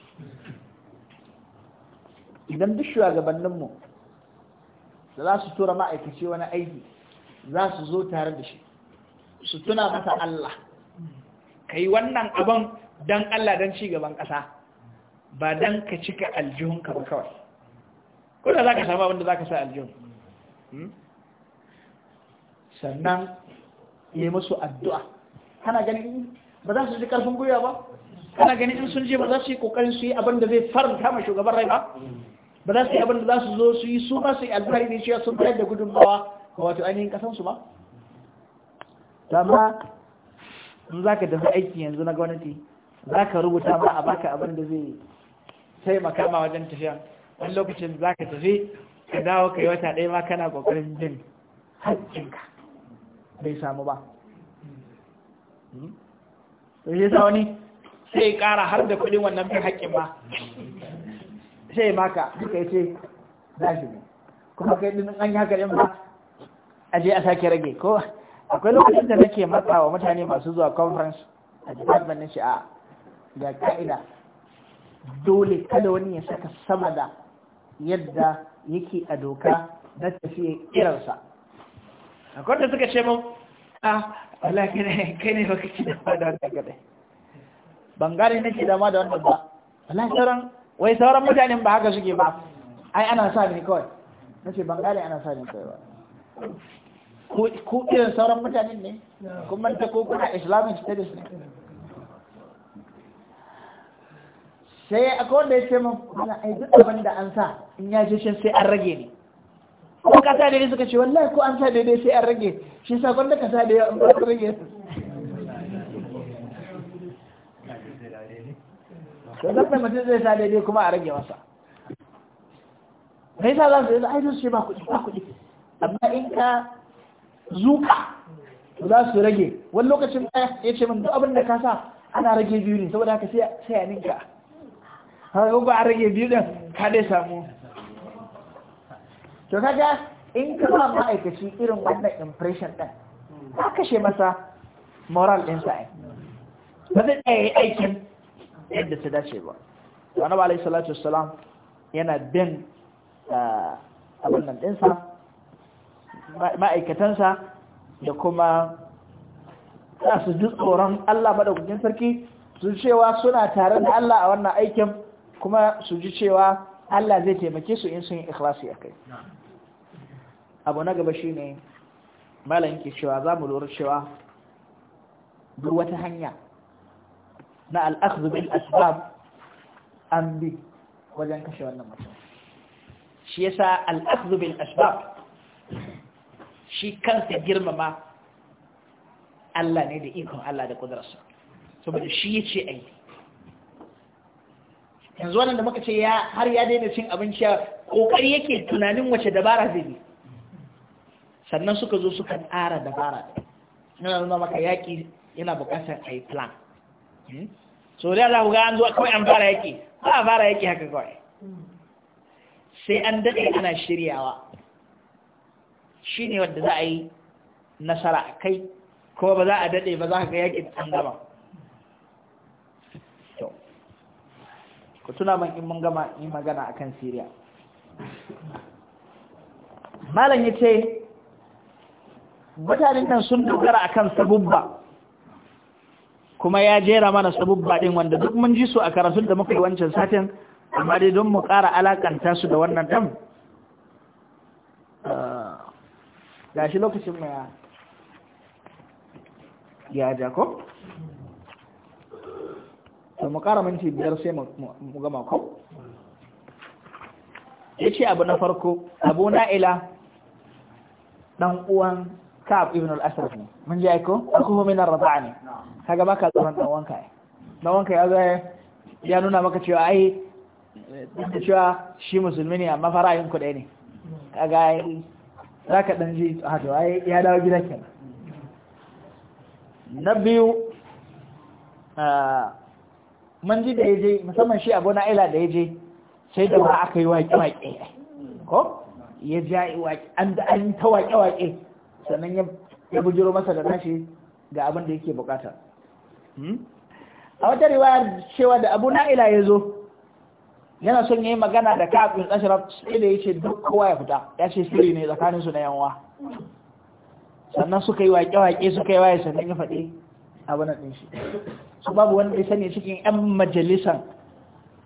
idan duk shugabanninmu da za su tura ma'aikaci wani aiki za su zo tare da shi su tuna masa Allah ka yi wannan abin don Allah don cigaban ƙasa ba don ka cika aljihunka ba kawai kuna za ka samu abinda za ka sa aljihun hmm? sannan ya yi musu addu'a hana ganin ba za su ji ƙarfin gwiwa ba kana gani in sun je ba za su yi kokarin su yi abin da zai faranta ma shugaban rai ba ba za su yi abin da za su zo su yi su ba su yi alfahari ne cewa sun bayar da gudunmawa ga wato ainihin kasan su ba amma in za ka dafa aiki yanzu na gwamnati za ka rubuta ma a baka abin da zai taimaka ma wajen tafiya wani lokacin za ka tafi ka dawo ka yi wata ɗaya ma kana ƙoƙarin jin haƙƙinka bai samu ba. Hmm? Sai sa wani sai kara har da kudin wannan mai haƙƙin ba sai maka duka yace za ne kuma kai din an yi haka din a je a sake rage ko akwai lokacin da nake matsa wa mutane masu zuwa conference a department din shi a ga ka'ida dole kada wani ya saka sama da yadda yake a doka na tafiye irinsa akwai da suka ce mun a ah, wala kai ne kai ne da fada ka Bangare gane nake dama da wannan ba wallahi sauran wai sauran mutanen ba haka suke ba ai ana sa ni kawai nace bangare ana sa ni kawai ba ko irin sauran mutanen ne kun manta ko kuna islamic studies ne sai akwai wanda ya ce min wala ai duk abin da an sa in ya je sai an rage ni ko ka sa dai suka ce wallahi ko an sa daidai sai an rage shi sakon da ka sa da yawa an rage su. to zan da mutum zai sa daidai kuma a rage masa mai sa za su yi ai su ba kuɗi ba kuɗi amma in ka zuka za su rage wani lokacin ɗaya ya ce min duk abin da ka sa ana rage biyu ne saboda haka sai a ninka haka ba a rage biyu ɗin, ka dai samu to kaga in ka ba ma'aikaci irin wannan impression din ka kashe masa moral ɗinsa ai ba zai tsaye aikin yadda ta dace ba ba alaihi salatu salam yana bin abin ɗinsa ma'aikatansa da kuma su ji tsoron Allah maɗaukakin sarki su cewa suna tare da Allah a wannan aikin kuma su ji cewa Allah zai taimake su in sun yi ikhlasi a kai. abu na gaba shi ne malam ke cewa za mu lura cewa duk wata hanya na al'akhdhu bil asbab an bi wajen kashe wannan mutum shi yasa al'akhdhu bil asbab shi kansa girmama Allah ne da ikon Allah da kudrarsa saboda shi yace ai yanzu wannan da muka ce ya har ya daina cin abinci kokari yake tunanin wace dabara zai bi sannan suka zo suka tsara dabara yana nuna maka yaƙi yana buƙatar a yi plan Hmm? so da za ku ga an zuwa kawai an fara yaƙi ba a fara yaƙi haka kawai sai an daɗe ana shiryawa shi ne wadda za a yi nasara a kai ko ba za a daɗe ba za ka ga yaƙi an gaba ku tuna man in mun gama yi magana akan siriya malam yace mutanen nan sun dogara akan sabubba kuma ya jera mana sabubba din wanda duk mun ji su a karasun da muka yi wancan satin amma dai don mu ƙara alakanta su da wannan tam ah, shi lokacin mai ya ja ko? to mu ƙara minti biyar sai mu gama ko? ya ce abu na farko abu na'ila ɗan uwan ka'ab ibn al-ashraf ne mun ji aiko akuhu min ar-rada'a ne kaga baka tsoron dan ya nuna maka cewa ai duk da cewa shi musulmi ne amma fara'ayin ku ɗaya ne kaga ai zaka dan ji wato ah, ai ya dawo gida kenan na biyu ah, mun ji da yaje musamman shi abu na'ila da yaje sai da aka yi waƙe-waƙe ko ya an ta waƙe-waƙe sannan ya bujiro masa da nashi ga abin da yake bukata hmm? a wata riwayar cewa da abu na'ila ya zo yana son ya yi magana da kafin ashraf sai da ya ce duk kowa ya fita ya ce siri ne tsakaninsu na yanwa sannan suka yi waƙe-waƙe suka yi waye sannan ya faɗi abin ɗin shi su babu wanda ya sani cikin 'yan majalisan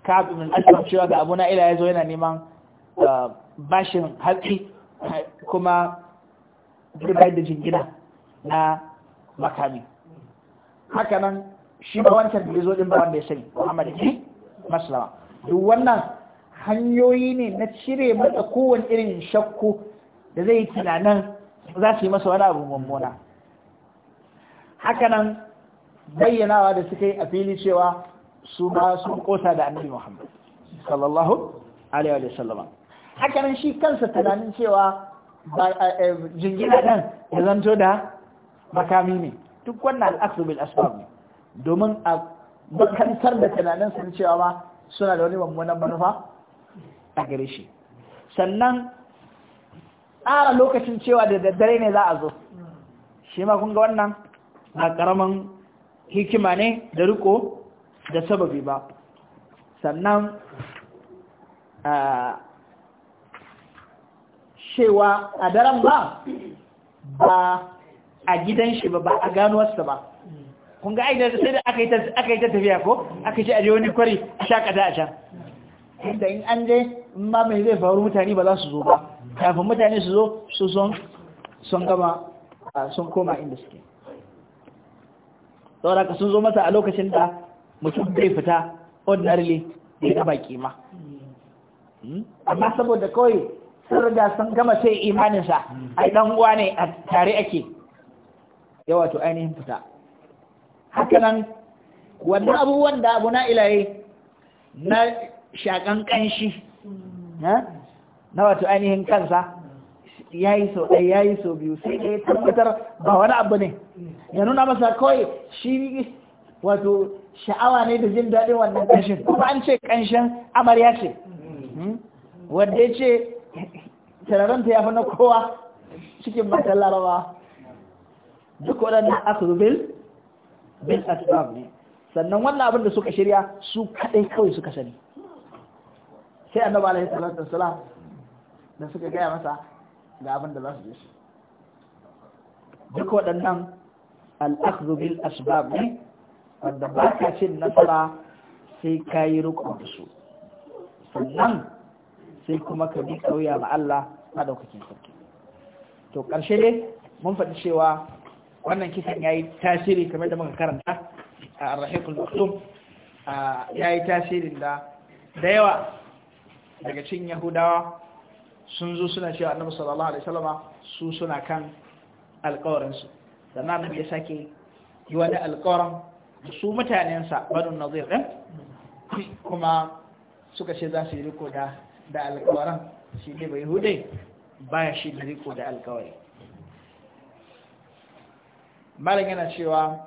kafin ashraf cewa da abu na'ila ya zo yana neman ah, bashin haƙi kuma zai da jingina na makami Hakanan shi ba wancan da zo din ba wanda ya sani Muhammad ibn Maslama duk wannan hanyoyi ne na cire masa kowane irin shakku da zai yi tunanin za su yi masa wani abu mummuna Hakanan bayyanawa da suka yi a fili cewa su ba su kosa da annabi Muhammad sallallahu alaihi wa sallama Hakanan shi kansa tunanin cewa jingina ɗan ya zanto da makami ne duk wannan al'aksu bil asbab ne domin a makantar da tunanin sun cewa ma suna da wani mummunan manufa a gare shi sannan tsara lokacin cewa da daddare ne za a zo shi ma kun ga wannan na karamin hikima ne da riko da sababi ba sannan cewa a daren ba ba a gidan shi ba ba a ganuwarsa ba kun ga aida sai da aka yi ta tafiya ko aka ce a je wani kwari a kada a sha inda in an je in ma mai zai faru mutane ba za su zo ba kafin mutane su zo su sun gama sun koma inda suke saboda sun zo masa a lokacin da mutum zai fita ordinarily ya gaba kima hmm? amma saboda kawai sun riga sun gama sai imaninsa ai dan uwa ne a tare ake ya wato ainihin fita hakanan wannan abubuwan da abu na ilaye na shakan kanshi na wato ainihin kansa ya yi sau ɗaya ya biyu sai ɗaya tabbatar ba wani abu ne ya nuna masa kawai shi wato sha'awa ne da jin daɗin wannan kanshin? kuma an ce kanshin amarya ce hmm? wanda ya ce tararanta ya fi na kowa cikin matan larawa duk waɗannan akhrubil bil asibab ne sannan wannan abin da suka shirya su kadai kawai suka sani sai annaba alaihi salatu wassalam da suka gaya masa ga abin da za su je su duk waɗannan al bil asbab ne wanda ba ka cin nasara sai ka yi rukun su sannan sai kuma ka bi sauya ma Allah daukakin sarki to ƙarshe dai mun faɗi cewa wannan kisan ya yi tasiri kamar da muka karanta a rahikul maktum ya yi tasirin da da yawa daga cin yahudawa sun zo suna cewa annabi sallallahu alaihi wasallama su suna kan alƙawarinsu sannan annabi ya sake yi wani alƙawarin su mutanensa banu nazir ɗin kuma suka ce za su yi riko da da alkawaran shi ne bai hudai baya shi da riko da alkawari malin yana cewa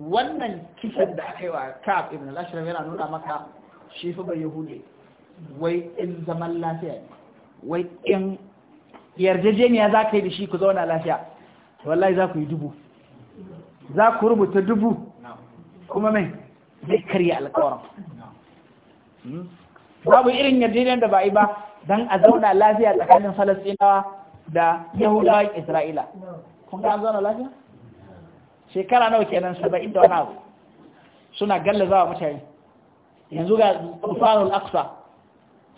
wannan kisan da aka yi wa kaf ibn al-ashraf yana nuna maka shi fa bai hudai wai in zaman lafiya ne wai in yarjejeniya za ka yi da shi ku zauna lafiya wallahi za ku yi dubu za ku rubuta dubu kuma mai zai karya alkawarin hmm? babu irin yarjejeniyar da ba yi ba don a zauna lafiya tsakanin falastinawa da Yahudawa isra'ila kun ga zauna lafiya shekara nawa kenan saba'in da wani abu suna gallazawa mutane yanzu ga kufarul aksa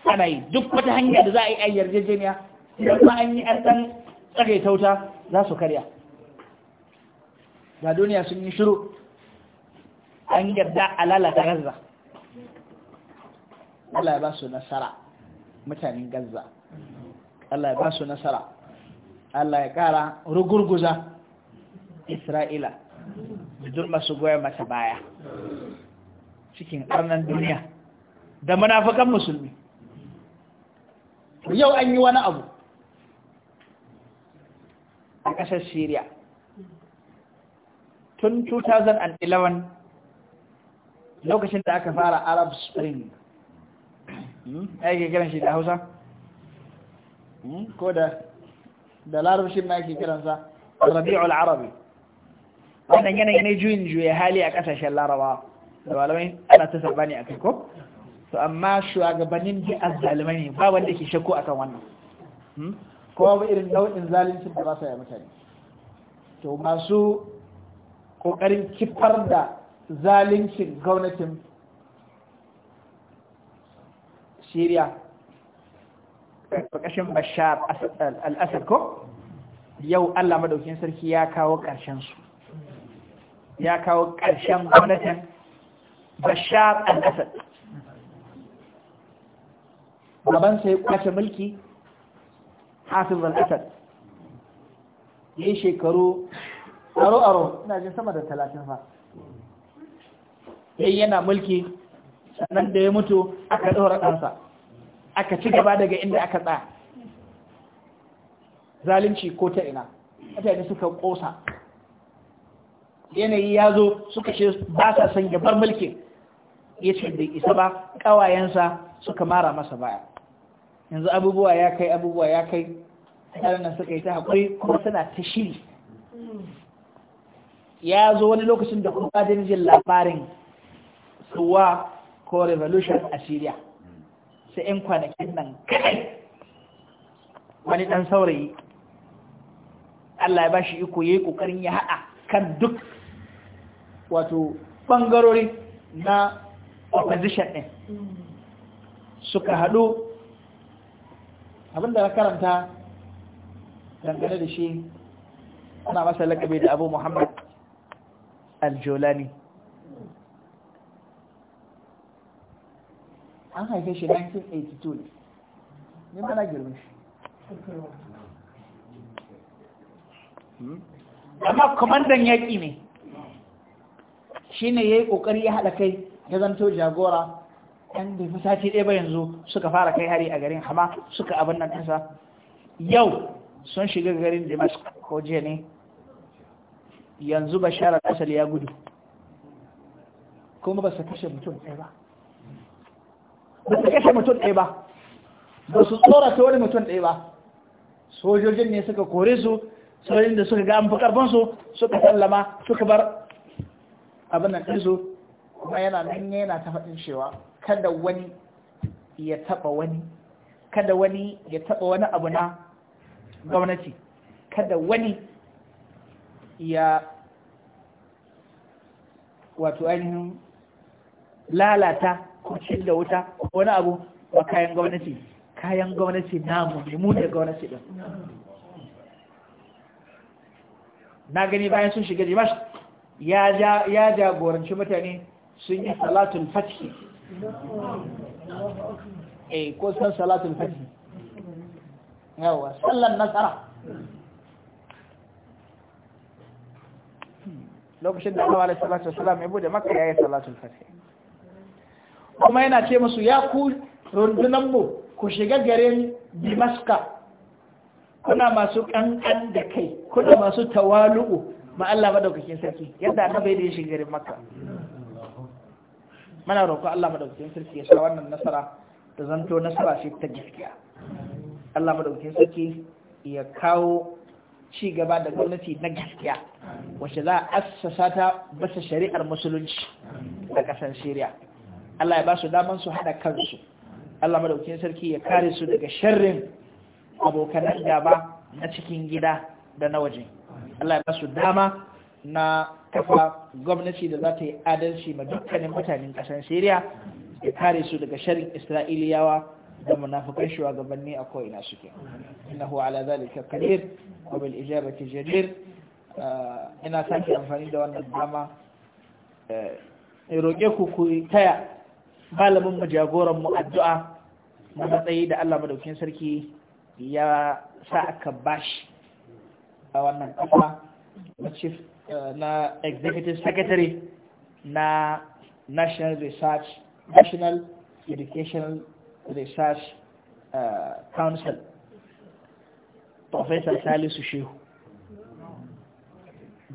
ana yi duk wata hanya da za a yi a yarjejeniya idan ma an yi an ɗan tsagai tauta za su karya ga duniya sun yi shiru an yarda a lalata gaza Allah ya ba su nasara mutanen Gaza Allah ya ba su nasara Allah ya kara rugurguza Isra'ila duk masu goya mata baya cikin karnan duniya da munafukan musulmi yau an yi wani abu a ƙasar Syria tun 2011 lokacin da aka fara Arab Spring Hmm? ake kiran shi da hausa hmm? ko da da larabci ma ake kiransa rabi'ul arabi wannan yanayi ne juyin juya hali a kasashen Laraba. da malamai ana ta sabani a kai ko to amma shugabannin ji azzalimai ne ba wanda ke shakku akan wannan hmm? ko ba irin nau'in zalincin da ba sa yi mutane to masu kokarin kifar da zalincin gwamnatin syria ƙarƙashin bashar al'asar ko yau allah madaukin sarki ya kawo ƙarshen su ya kawo ƙarshen gwamnatin bashar al'asar. Gaban sai ya kwace mulki hafiz al’asar, ya yi shekaru aro-aro ina jin sama da talatin fa yayi yana mulki sannan da ya mutu aka ɗora ɗansa aka ci gaba daga inda aka tsaya zalunci ko ta ina mutane suka kosa yanayi ya zo suka ce ba sa son gabar mulkin ya ce bai isa ba ƙawayensa suka mara masa baya yanzu abubuwa ya kai abubuwa ya kai nan suka yi ta haƙuri kuma suna ta shiri ya zo wani lokacin da kuma jin labarin suwa ko revolution a syria sai 'yan kwanakin nan kai wani ɗan saurayi Allah ya ba shi iko ya yi ƙoƙarin ya haɗa kan duk wato ɓangarori na opposition ɗin suka haɗu abinda na karanta dangane da shi ana masa lakabe da abu muhammad aljolani an haife shi 1982 ne ne na girma shi hmm? amma kwamandan yaƙi ne shi ne ya yi ƙoƙari ya haɗa kai ya zanto jagora ɗan da fi sati ɗaya ba yanzu suka fara kai hari a garin hama suka abin nan ƙasa yau sun shiga garin damas ko jiya ne yanzu basharar asali ya gudu kuma ba su kashe mutum ɗaya ba ba su kashe mutum ɗaya ba ba su tsorata wani mutum ɗaya ba sojojin ne suka kore su sojojin da suka ga amfi suka sallama suka bar abin nan ɗinsu kuma yana nan yana ta faɗin cewa kada wani ya taɓa wani kada wani ya taɓa wani abu na gwamnati kada wani ya wato ainihin lalata ko da wuta wani abu ba kayan gwamnati kayan gwamnati namu ne mu da gwamnati ba, na gani bayan sun shiga jimash ya jagoranci mutane sun yi salatul fatihi e eh, ko san salatul fatihi yawa sallan nasara lokacin da kawai salatul salam ya bude maka ya yi salatul fatihi kuma yana ce musu ya ku mu ku shiga garin dimaska kuna masu kankan da kai kuna masu tawalu'u ma Allah madaukakin sarki yadda bai da ya shiga garin makka mana roƙo Allah madaukakin sarki ya sa wannan nasara ta zanto nasara shi ta gaskiya Allah madaukakin sarki ya kawo ci gaba da gwamnati na gaskiya wacce za a assasa ta basa shari'ar musulunci da ƙasar Syria Allah ya ba su daman su haɗa kansu Allah maɗaukin sarki ya kare su daga sharrin abokan gaba na cikin gida da na waje Allah ya ba su dama na kafa gwamnati da za ta yi adalci ma dukkanin mutanen ƙasar Syria ya kare su daga sharrin Isra'iliyawa da munafukan shugabanni a ko'ina suke innahu ala zalika qadir wa bil ijabati jadir ina sake amfani da wannan dama eh, in roƙe ku ku taya malamin mu jagoran mu addu'a na matsayi da Allah madaukin sarki ya sa aka bashi a wannan kafa na chief eh, na executive secretary na national research national educational research eh, council professor salisu shehu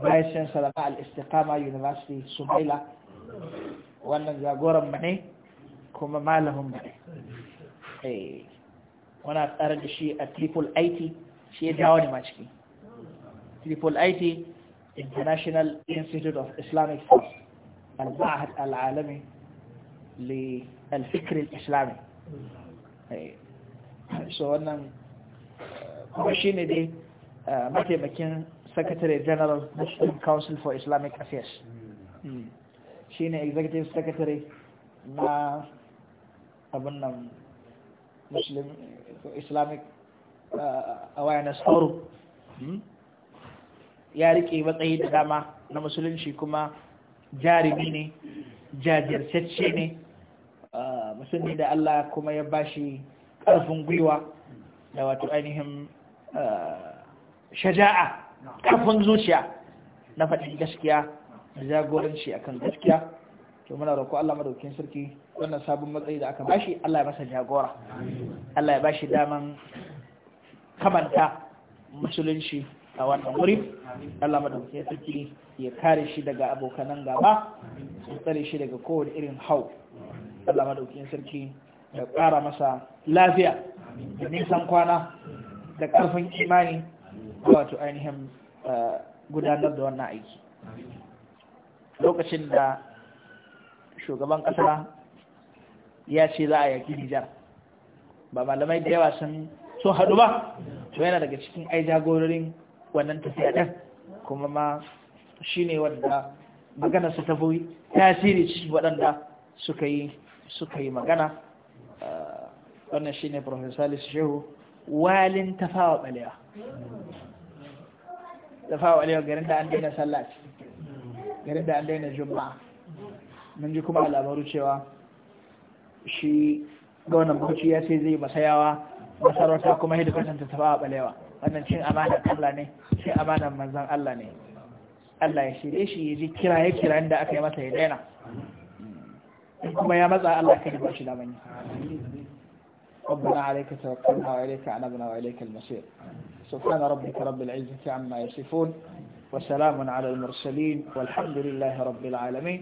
vice chancellor na al-istiqama university sumaila wannan jagoran mu ne kuma malamin ba wana eh, tsara da shi a triple it shi ya dawo ne ma ciki triple it international institute of islamic thought al-ma'ahad al-alami للفكر الإسلامي eh, so wannan eh, kuma shi ne dai mataimakin secretary general national council for islamic affairs hmm. shi ne executive secretary na abin nan muslim islamic uh, awareness forum hmm? ya rike matsayi da dama na musulunci kuma jarumi ne jajirtacce ne uh, musulmi da Allah kuma ya bashi ƙarfin gwiwa da wato ainihin uh, shaja'a ƙarfin zuciya na faɗin gaskiya da jagoranci akan gaskiya to muna roƙo Allah madaukin sarki wannan sabon matsayi da aka bashi Allah ya masa jagora Allah ya bashi daman kamanta musulunci a wannan wuri Allah madauki ya tsaki ya kare shi daga abokanan gaba su tsare shi daga kowane irin hau Allah madauki ya sarki da ƙara masa lafiya da nisan kwana da ƙarfin imani wato ainihin eh, gudanar da wannan aiki lokacin da shugaban ƙasa ya ce za a yaƙi Nijar ba malamai da yawa sun sun haɗu ba to yana daga cikin ai jagororin wannan tafiya ɗin kuma ma shi ne wanda maganarsa ta fi tasiri ci waɗanda suka yi suka yi magana eh, wannan shi ne profesalis shehu walin tafawa ɓalewa tafawa ɓalewa garin da an daina sallah garin da an daina juma'a mun ji kuma labaru cewa shi gwamnan bauchi ya ce zai masayawa masarauta kuma hidikotan ta taba a balewa wannan cin amanar Allah ne cin amanar manzan Allah ne Allah ya shirye shi ya ji ya kira inda aka yi masa ya daina kuma ya matsa Allah ka ba shi lamani ربنا عليك توكلنا وإليك عنبنا وإليك المصير سبحان ربك رب العزة عما يصفون وسلام على المرسلين والحمد لله رب العالمين